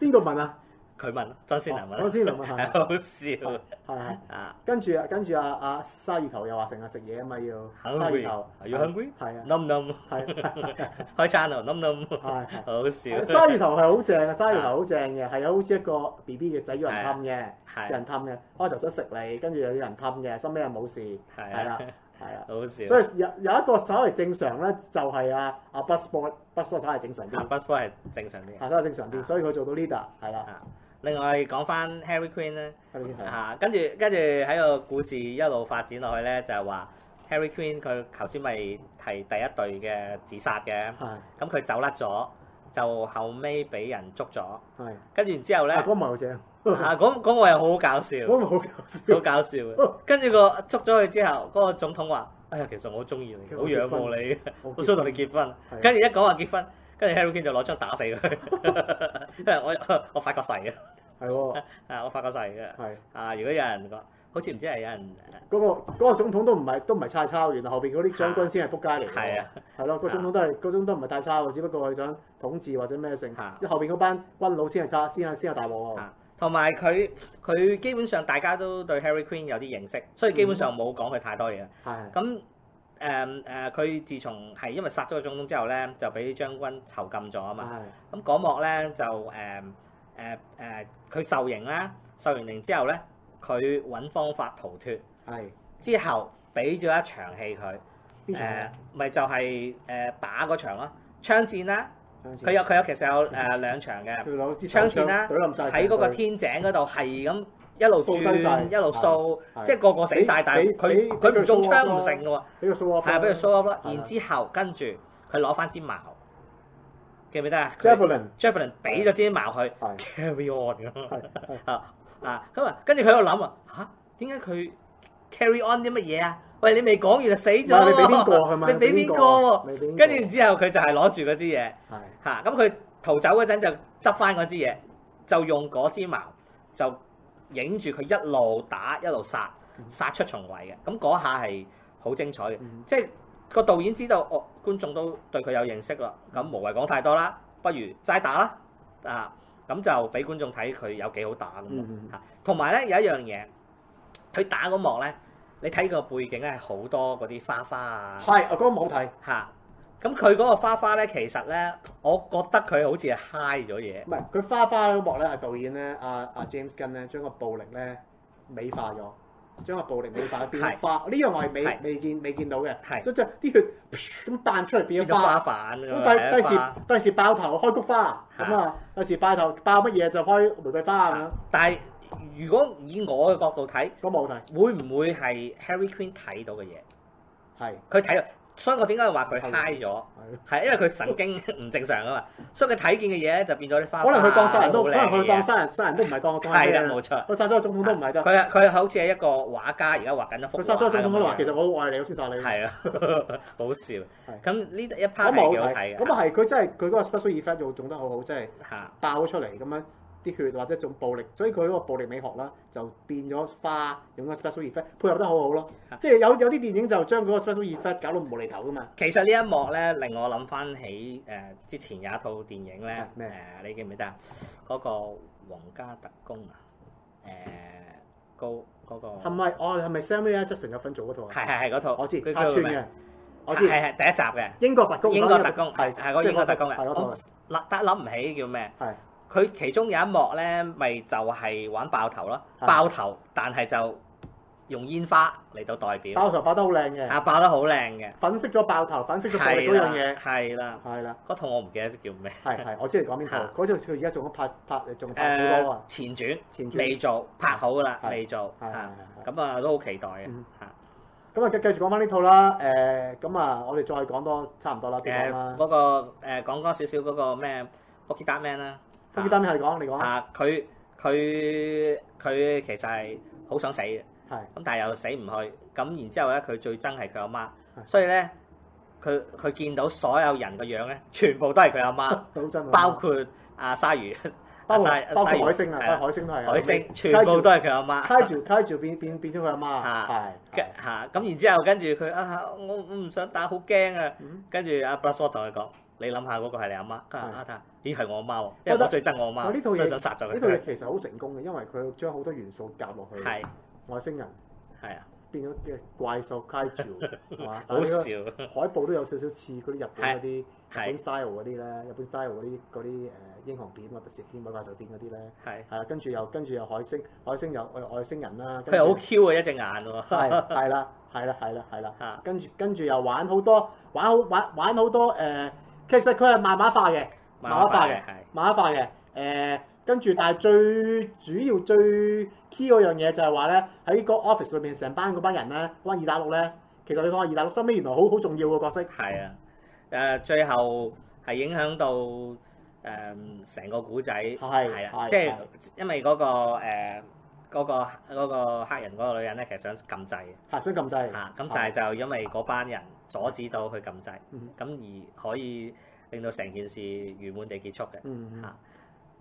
邊 度 問啊？佢問，周先林問，周先林問，好笑，係係啊，跟住啊，跟住啊，阿沙魚頭又話成日食嘢啊嘛要，沙魚頭，係啊，num num，係開餐 num num，係，好笑，沙魚頭係好正啊，沙魚頭好正嘅，係有好似一個 B B 嘅仔咁人氹嘅，有人氹嘅，開頭想食你，跟住又要人氹嘅，收尾又冇事，係啦，係啊，好笑，所以有有一個所謂正常咧、啊，就係啊啊 Bloodsport，Bloodsport 稍係正常啲，Bloodsport 係正常啲，稍係正常啲，所以佢做到 leader 係啦。另外講翻 Harry Queen 咧嚇，跟住跟住喺個故事一路發展落去咧，就係話 Harry Queen 佢頭先咪係第一隊嘅自殺嘅，咁佢走甩咗，就後尾俾人捉咗，跟住然之後咧，嗰個又正，嗰嗰個又好搞笑，好搞笑，跟住個捉咗佢之後，嗰個總統話：哎呀，其實我好中意你，好仰慕你，我好想同你結婚。跟住一講話結婚，跟住 Harry Queen 就攞槍打死佢，因為我我發覺細啊！係喎，啊 我發過誓嘅。係是，啊如果有人講，好似唔知係有人嗰、那個嗰、那個總統都唔係都唔係差差，原來後邊嗰啲將軍先係撲街嚟。係啊，係咯、啊，啊那個總統都係、啊那個總統都唔係太差喎，只不過佢想統治或者咩性吓，啊、後邊嗰班軍佬先係差，先係先係大佬、啊。同埋佢佢基本上大家都對 Harry Queen 有啲認識，所以基本上冇講佢太多嘢。係、嗯，咁誒誒，佢、嗯呃、自從係因為殺咗個總統之後咧，就俾將軍囚禁咗啊嘛。咁、那、嗰、個、幕咧就誒。嗯嗯誒誒，佢受刑啦，受完刑之後咧，佢揾方法逃脫。係，之後俾咗一場戲佢，誒咪就係誒打嗰場咯，槍戰啦。槍戰。佢有佢有其實有誒兩場嘅槍戰啦，喺嗰個天井嗰度係咁一路轉一路掃，即係個個死晒，但係佢佢唔中槍唔成嘅喎。俾佢掃晒。係啊，俾佢掃晒咯。然之後跟住佢攞翻支矛。記唔記得啊 Javelin，Javelin 俾咗支矛，去 carry on 咁啊！啊！咁啊，跟住佢喺度諗啊，吓？點解佢 carry on 啲乜嘢啊？喂，你未講完就死咗。你俾邊個？你俾邊個？跟住之後佢就係攞住嗰支嘢，吓，咁佢逃走嗰陣就執翻嗰支嘢，就用嗰支矛就影住佢一路打一路殺，殺出重圍嘅。咁嗰下係好精彩嘅，嗯、即係、嗯。個導演知道哦，觀眾都對佢有認識啦，咁無謂講太多啦，不如齋打啦啊！咁就俾觀眾睇佢有幾好打咁咯嚇。同埋咧有一樣嘢，佢打個幕咧，你睇個背景咧係好多嗰啲花花啊。係，嗰、嗰個冇睇嚇。咁佢嗰個花花咧，其實咧，我覺得佢好似 high 咗嘢。唔係，佢花花嗰幕咧係導演咧，阿、啊、阿、啊、James Gunn 咧將個暴力咧美化咗。將個暴力美化變花，呢樣是我係未是未見未見到嘅。所以是即係啲血咁彈、呃、出嚟變咗花，花粉。咁第第，第時第時爆頭開菊花，咁啊第時爆頭爆乜嘢就開玫瑰花咁。但係如果以我嘅角度睇，個問題會唔會係 Harley Quinn 睇到嘅嘢？係佢睇啊。所以我點解話佢 high 咗？係因為佢神經唔正常啊嘛。所以佢睇見嘅嘢咧就變咗啲花，可能佢當新人,、啊、人，都可能佢當新人，新人都唔係當我。咩嘅。冇錯。佢殺咗總統都唔係得。佢佢好似係一個畫家，而家畫緊一幅。佢殺咗總統嗰度，其實我懷你好先殺你。係啊，好笑。咁呢的一 part 係幾好睇嘅。咁啊係，佢的的真係佢嗰個 special effect 做得好好，真係爆咗出嚟咁樣。嗯啲血或者仲暴力，所以佢嗰個暴力美學啦，就變咗花用個 special effect 配合得好好咯。即係有有啲電影就將嗰個 special effect 搞到無厘頭噶嘛。其實呢一幕咧令我諗翻起誒之前有一套電影咧，咩你記唔記得？嗰、嗰個皇家特工啊，誒高嗰個係咪？我係咪 Samuel Jackson 有份做嗰套啊？係係係嗰套，我知客串嘅，知我知係係第一集嘅英，英國特工，係係那個、英國特工係係英國特工嘅，係係嗱，但諗唔起叫咩？係。佢其中有一幕咧，咪就係玩爆頭咯，爆頭，但係就用煙花嚟到代表爆頭，爆得好靚嘅，啊，爆得好靚嘅，粉飾咗爆頭，粉飾咗嗰樣嘢，係啦，係啦，嗰套我唔記得叫咩，係係，我知你講邊套，嗰套佢而家仲喺拍拍，仲拍緊啊，前傳前傳，未做拍好噶啦，未做嚇，咁啊都好期待嘅嚇，咁啊繼繼續講返呢套啦，誒，咁啊我哋再講多差唔多啦，誒，嗰個講多少少嗰個咩，布基達咩啦。黑衣丹係講，你講吓！佢佢佢其實係好想死嘅，咁但係又死唔去。咁然之後咧，佢最憎係佢阿媽，所以咧佢佢見到所有人個樣咧，全部都係佢阿媽，包括阿鯊魚，包括包括海星啊，海星都係，海星全部都係佢阿媽，泰珠泰珠變變變咗佢阿媽，係，嚇咁然之後跟住佢啊，我我唔想打，好驚啊！跟住阿 Bloodsport 同佢講。你諗下嗰個係你阿媽，媽、啊的，跟住啊睇咦係我媽喎，因為我最憎我阿媽，媽、哎，啊啊、套套想殺咗佢。呢套嘢其實好成功嘅，因為佢將好多元素夾落去。係的外星人，係啊的，變咗嘅怪獸 Kaiju 係嘛？好海報都有少少似嗰啲日本嗰啲的日本 style 嗰啲咧，日本 style 嗰啲嗰啲誒英雄片，或者成天鬼怪獸片嗰啲咧。係係啦，跟住又跟住又海星海星又外外星人啦。佢係好 Q 嘅一隻眼喎、啊。係係啦係啦係啦，跟住跟住又玩好多玩好玩玩好多誒。呃其實佢係慢慢化嘅，慢慢化嘅，慢慢化嘅。誒的，跟住，但係最主要最 key 嗰樣嘢就係話咧，喺個 office 裏邊成班嗰班人咧，嗰班二打六咧，其實你講話二打六，收尾原來好好重要個角色。係啊的，誒、嗯，最後係影響到誒成、嗯、個古仔，係啊，即係因為嗰、那個誒嗰個黑人嗰個女人咧，其實想禁制，想禁制，嚇，咁就係就因為嗰班人。阻止到佢撳掣，咁而可以令到成件事完滿地結束嘅。嚇、嗯，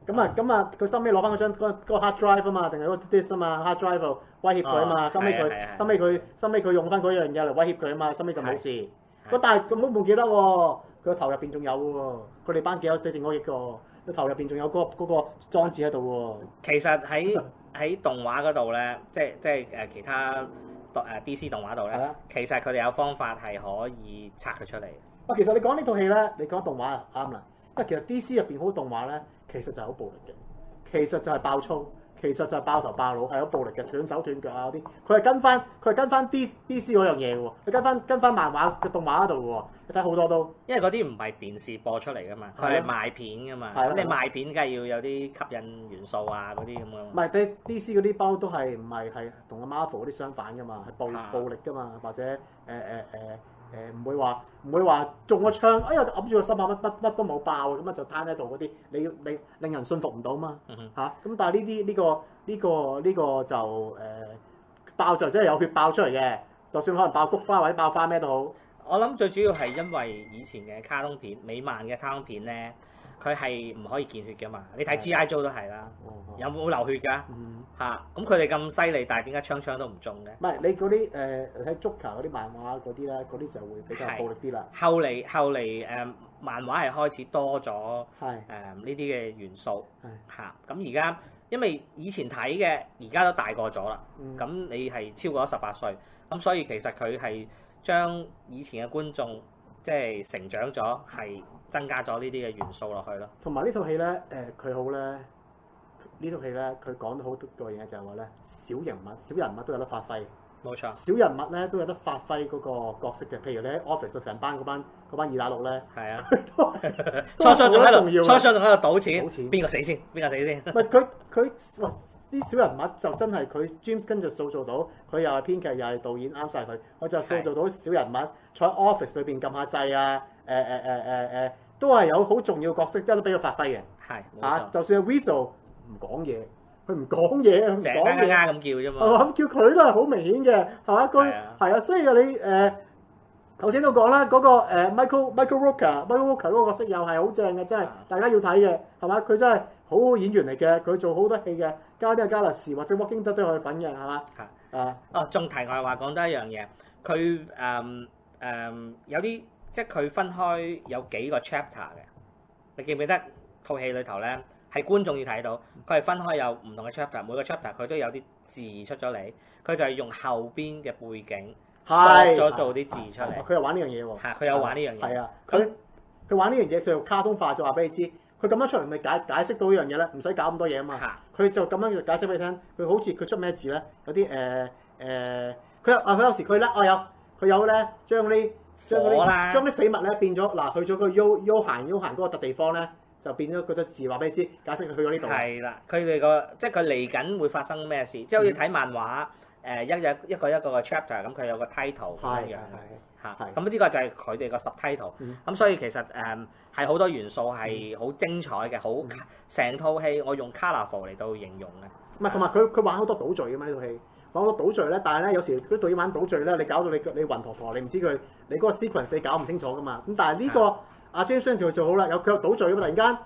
咁啊，咁、嗯、啊，佢收尾攞翻嗰張嗰個 hard drive 啊嘛，定係嗰個 disk 啊嘛，hard drive 威脅佢啊嘛，收尾佢，收尾佢，收尾佢用翻嗰樣嘢嚟威脅佢啊嘛，收尾就冇事。個但係佢冇忘記得喎、哦，佢個頭入邊仲有嘅喎，佢哋班幾有四成個億個，個頭入邊仲有嗰嗰個裝置喺度喎。嗯、其實喺喺動畫嗰度咧，即係即係誒其他、嗯。嗯嗯。誒 DC 動畫度咧，的其實佢哋有方法係可以拆佢出嚟。啊，其實你講呢套戲咧，你講動畫啊，啱啦。不過，其實 DC 入邊好多動畫咧，其實就係好暴力嘅，其實就係爆粗。其實就係爆頭爆腦，係有暴力嘅，斷手斷腳啊嗰啲。佢係跟翻，佢係跟翻 DC 嗰樣嘢喎。佢跟翻跟翻漫畫嘅動畫嗰度喎。你睇好多都，因為嗰啲唔係電視播出嚟嘅嘛，係的賣片嘅嘛。係咁你賣片梗係要有啲吸引元素啊嗰啲咁樣。唔係，DC 嗰啲包都係唔係係同阿 Marvel 嗰啲相反嘅嘛？係暴暴力嘅嘛？或者誒誒誒。呃呃呃誒唔、呃、會話唔會話中個槍，哎呀揞住個心口乜乜乜都冇爆，咁啊就攤喺度嗰啲，你你令人信服唔到嘛嚇。咁、嗯哼啊、但係呢啲呢個呢、這個呢、呢個就誒、呃、爆就真係有血爆出嚟嘅，就算可能爆菊花或者爆花咩都好。我諗最主要係因為以前嘅卡通片、美漫嘅卡通片咧。佢係唔可以見血嘅嘛？你睇 G.I. Joe 都係啦，哦、有冇流血噶？嚇咁佢哋咁犀利，但係點解槍槍都唔中嘅？唔係你嗰啲誒，睇足球嗰啲漫畫嗰啲咧，嗰啲就會比較暴力啲啦。後嚟後嚟誒漫畫係開始多咗誒呢啲嘅元素嚇。咁而家因為以前睇嘅而家都大個咗啦，咁、嗯、你係超過咗十八歲，咁所以其實佢係將以前嘅觀眾。即係成長咗，係增加咗呢啲嘅元素落去咯。同埋呢套戲咧，誒、呃、佢好咧，呢套戲咧，佢講得好多嘅嘢就係話咧，小人物、小人物都有得發揮。冇錯，小人物咧都有得發揮嗰個角色嘅。譬如你 office 成班嗰班班二打六咧，係啊， 都 初 初仲喺度，要初初仲喺度賭錢，邊個死先？邊個死先？唔佢佢。 啲小人物就真係佢 James 跟住塑造到，佢又係編劇又係導演啱晒佢，我就塑造到小人物坐喺 office 裏邊撳下掣啊，誒誒誒誒誒，都係有好重要角色，都俾佢發揮嘅。係嚇，就算係 Weasel 唔講嘢，佢唔講嘢咁講嘢咁叫啫嘛。我咁叫佢都係好明顯嘅，係嘛？佢係啊，所以你誒頭先都講啦，嗰個 Michael Michael Rooker Michael Rooker 嗰個角色又係好正嘅，真係大家要睇嘅，係嘛？佢真係。好演員嚟嘅，佢做好多戲嘅，加啲阿加勒士或者沃京德都可以粉嘅，係嘛？係啊。哦，仲題外話講多一樣嘢，佢誒誒有啲即係佢分開有幾個 chapter 嘅。你記唔記得套戲裏頭咧係觀眾要睇到，佢係分開有唔同嘅 chapter，每個 chapter 佢都有啲字出咗嚟，佢就係用後邊嘅背景縮咗做啲字出嚟。佢又玩呢樣嘢喎。佢、啊、有玩呢樣嘢。係啊，佢佢、啊啊、玩呢樣嘢就卡通化，就話俾你知。佢咁樣出嚟咪解解釋到呢樣嘢咧，唔使搞咁多嘢啊嘛。佢就咁樣嘅解釋俾你聽，佢好似佢出咩字咧？有啲誒誒，佢、呃呃、有佢有時佢咧，我有佢有咧，將啲火啦呢，將啲死物咧變咗嗱，去咗佢悠悠閒悠閒嗰個特、oh oh、地方咧，就變咗嗰個字，話俾你知解釋佢去咗呢度。係啦，佢哋個即係佢嚟緊會發生咩事，即係好似睇漫畫。嗯。誒一嘢一個一個嘅 chapter，咁佢有個 title 咁樣樣嘅，咁呢個就係佢哋個十 title。咁所以其實誒係好多元素係好精彩嘅，好成套戲我用 colorful 嚟到形容嘅。唔、hmm. 係，同埋佢佢玩好多倒敘嘅嘛呢套戲，玩好多倒敘咧，但係咧有時佢啲導演玩倒敘咧，你搞到你你暈陀陀，你唔知佢你嗰個 sequence 你搞唔清楚嘅嘛。咁但係呢個阿 James s h 就做好啦，有佢有倒敘嘅嘛。突然間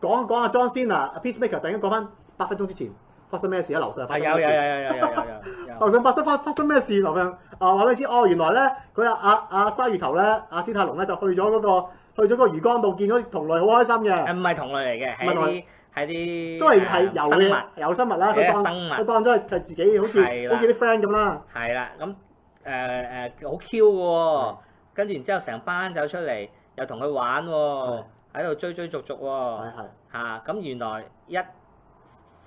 講講阿 John 先嗱，Peacemaker 突然間講返八分鐘之前。發生咩事啊？劉上發生咩事？係有有有有有有。劉尚發生發發生咩事？劉上，啊話俾你知哦，原來咧佢阿阿阿沙魚頭咧，阿史泰龍咧就去咗嗰個去咗個魚缸度，見到同類，好開心嘅。誒唔係同類嚟嘅，係啲係啲都係係遊物，遊生物啦。佢當佢當咗係係自己，好似好似啲 friend 咁啦。係啦，咁誒誒好 Q 喎，跟住然之後成班走出嚟，又同佢玩喎，喺度追追逐逐喎，嚇咁原來一。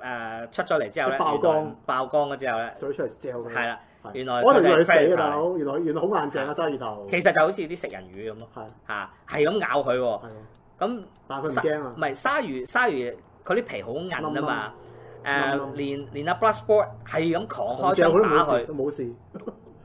誒出咗嚟之後咧，爆光爆光嘅之後咧，水出嚟釣嘅，係啦，原來可能佢死嘅大佬，原來原來好硬淨啊，鯊魚頭，其實就好似啲食人魚咁咯，嚇係咁咬佢喎，咁，但係佢唔驚啊，唔係鯊魚鯊魚佢啲皮好硬啊嘛，誒連連阿 Bloodsport 係咁狂開槍打佢，冇事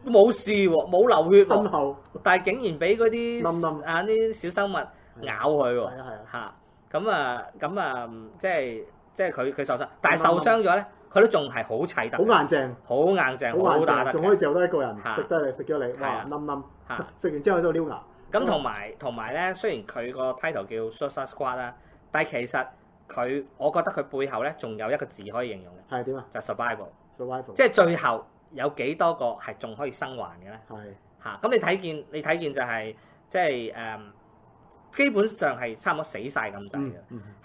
冇事喎，冇流血，但係竟然俾嗰啲冧冧啊啲小生物咬佢喎，嚇咁啊咁啊即係。即係佢佢受傷，但係受傷咗咧，佢都仲係好砌得，好硬淨，好硬淨，好打得，仲可以剩得一個人食得你，食咗你，哇，冧冧，嚇！食完之後去到溜牙。咁同埋同埋咧，雖然佢個 title 叫 Suicide Squad 啦，但係其實佢，我覺得佢背後咧，仲有一個字可以形容嘅，係點啊？就 survival，survival，即係最後有幾多個係仲可以生還嘅咧？係嚇！咁你睇見你睇見就係即係誒。基本上係差唔多死晒咁滯嘅，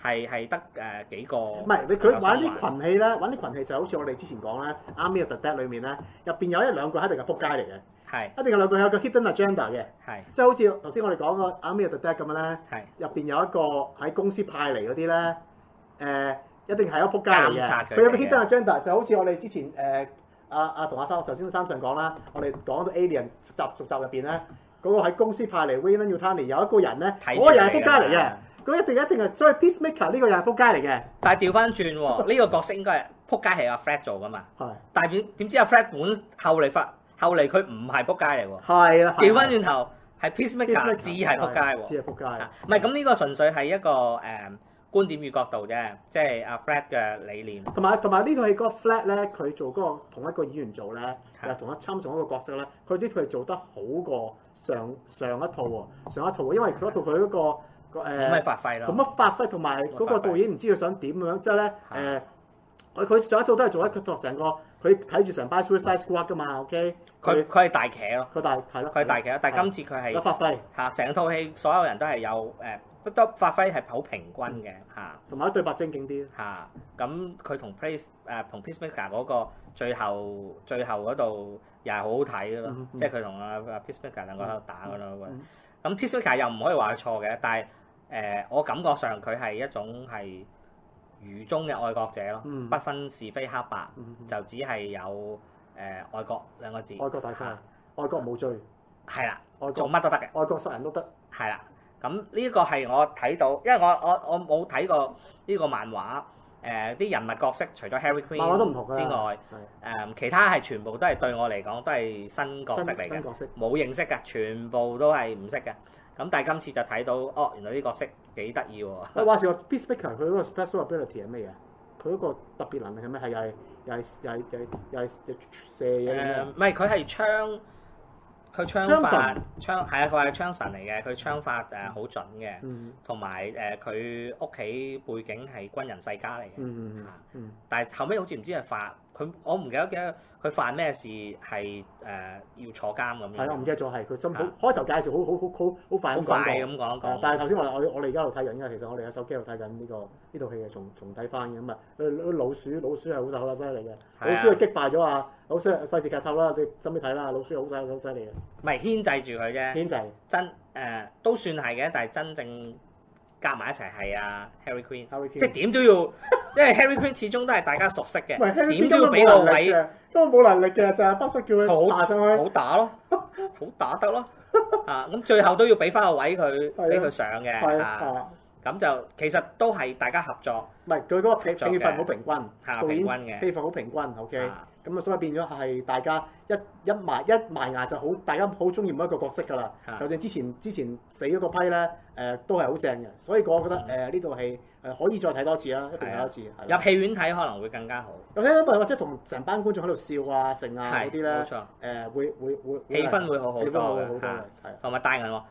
係係得誒幾個、啊。唔係你佢玩啲群戲咧，玩啲群戲就好似我哋之前講咧，Army of the Dead 裏面咧，入邊有一兩個係一定係仆街嚟嘅，係是一定有兩個有個 hidden agenda 嘅是，係即係好似頭先我哋講個 Army of the Dead 咁啦，係入邊有一個喺公司派嚟嗰啲咧，誒一定係一個仆街嚟嘅，佢有個 hidden agenda 就好似我哋之前誒阿阿同阿生頭先三上講啦，我哋講到 alien 續集續集入邊咧。嗰個喺公司派嚟，Willing to t u n i 有一個人咧，我又係仆街嚟嘅，佢一定一定係，所以 Peace Maker 呢個又係仆街嚟嘅。但係調翻轉喎，呢個角色應該係仆街係阿 Fred 做㗎嘛。係。但係點點知阿 Fred 本後嚟發，後嚟佢唔係仆街嚟喎。係啦。調翻轉頭係 Peace Maker，只係仆街喎。只係仆街。唔係，咁呢個純粹係一個誒。Um, 觀點與角度啫，即係阿 Flat 嘅理念。同埋同埋呢套戲嗰個 Flat 咧，佢做嗰個同一個演員做咧，係是的 同一參同一個角色咧，佢啲佢係做得好過上上一套喎，上一套，哦、上一套因為佢一套佢嗰、那個誒咁咪發揮咯，咁啊發揮同埋嗰個導演唔知佢想點樣，即係咧誒，佢佢是的、呃、上一套都係做一個作成個。佢睇住成班 Suicide Squad 噶是嘛，OK？佢佢係大騎咯，佢大係咯，佢大騎咯。但係今次佢係發揮嚇，成套戲所有人都係有不、呃、都發揮係好平均嘅嚇。同埋一對白正經啲嚇。咁佢同 place 誒、呃、同 Peacemaker 嗰個最後最後嗰度、嗯嗯、又係好好睇嘅咯，即係佢同啊 Peacemaker 兩個喺度打嗰度。咁 Peacemaker 又唔可以話佢錯嘅，但係誒、呃呃、我感覺上佢係一種係。愚忠嘅愛國者咯，嗯、不分是非黑白，嗯嗯、就只係有誒、呃、愛國兩個字。愛國大曬，啊、愛國冇罪，係啦了，國做乜都得嘅，愛國殺人都得，係啦。咁呢個係我睇到，因為我我我冇睇過呢個漫畫，誒、呃、啲人物角色除咗 Harley Quinn 都唔同之外，誒、呃、其他係全部都係對我嚟講都係新角色嚟嘅，新角色，冇認識嘅，全部都係唔識嘅。咁但係今次就睇到哦，原來呢個色幾得意喎。話時話，Peacemaker 佢嗰個 special ability 係咩嘢？佢嗰個特別能力係咩？係又係又係又係又係射嘢。誒，唔係佢係槍，佢槍神，槍係啊，佢話係槍神嚟嘅，佢槍法誒好準嘅，同埋誒佢屋企背景係軍人世家嚟嘅。嗯。嗯，嗯但係後尾好似唔知係發。佢我唔記得得佢犯咩事係誒、呃、要坐監咁樣。係我唔記得咗，係佢真好開頭介紹好好好好好快咁講，但係頭先我我我哋而家度睇緊㗎，其實我哋喺手機度睇緊呢個呢套戲係重重睇翻嘅咁啊！老鼠老鼠係好犀好犀利嘅，老鼠係的擊敗咗啊！老鼠費事劇透啦，你心俾睇啦！老鼠好犀好犀利嘅，唔係牽制住佢啫，牽制，牽制真誒、呃、都算係嘅，但係真正。加埋一齊係啊，Harley Quinn，即點都要，因為 Harley Quinn 始終都係大家熟悉嘅，點都要俾個位，都冇能力嘅就係，不識叫佢好打咯，好打得咯，啊咁最後都要俾翻個位佢，俾佢上嘅嚇，咁就其實都係大家合作，唔係佢嗰個片戲份好平均，嚇平均嘅戲份好平均，OK。咁啊，所以變咗係大家一一埋一埋牙就好，大家好中意每一個角色噶啦。就算之前之前死咗個批咧，誒都係好正嘅。所以我覺得誒呢度係誒可以再睇多次啊，一定睇多次。入戲院睇可能會更加好。入戲院或者同成班觀眾喺度笑啊、盛啊嗰啲咧，誒會會會氣氛會好好多嘅嚇。係同埋帶銀好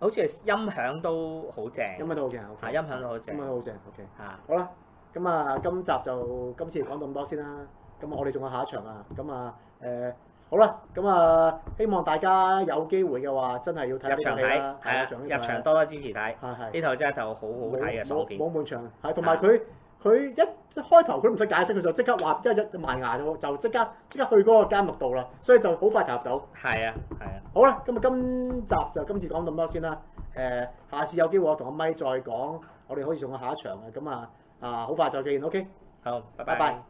好似係音響都好正。音響都好正，音響都好正。音響都好正。O K。嚇好啦，咁啊，今集就今次講到咁多先啦。咁我哋仲有下一場啊！咁啊，誒、哎、好啦，咁、嗯、啊，希望大家有機會嘅話，真係要睇呢套戲啦，係啊，的入，場入場多多支持睇，係呢套真係是的 一套好好睇嘅爽片，冇冇悶場，同埋佢佢一一開頭佢唔使解釋嘅時候，即刻話即係一埋牙喎，就即刻即刻，刻去嗰個監獄度啦，所以就好快投入到。係啊，係啊。的好啦，咁啊，今集就今次講到咁多先啦。誒，下次有機會我同阿 Mike 再講，我哋可以仲有下一場啊！咁啊啊，好快再見，OK？好，拜拜。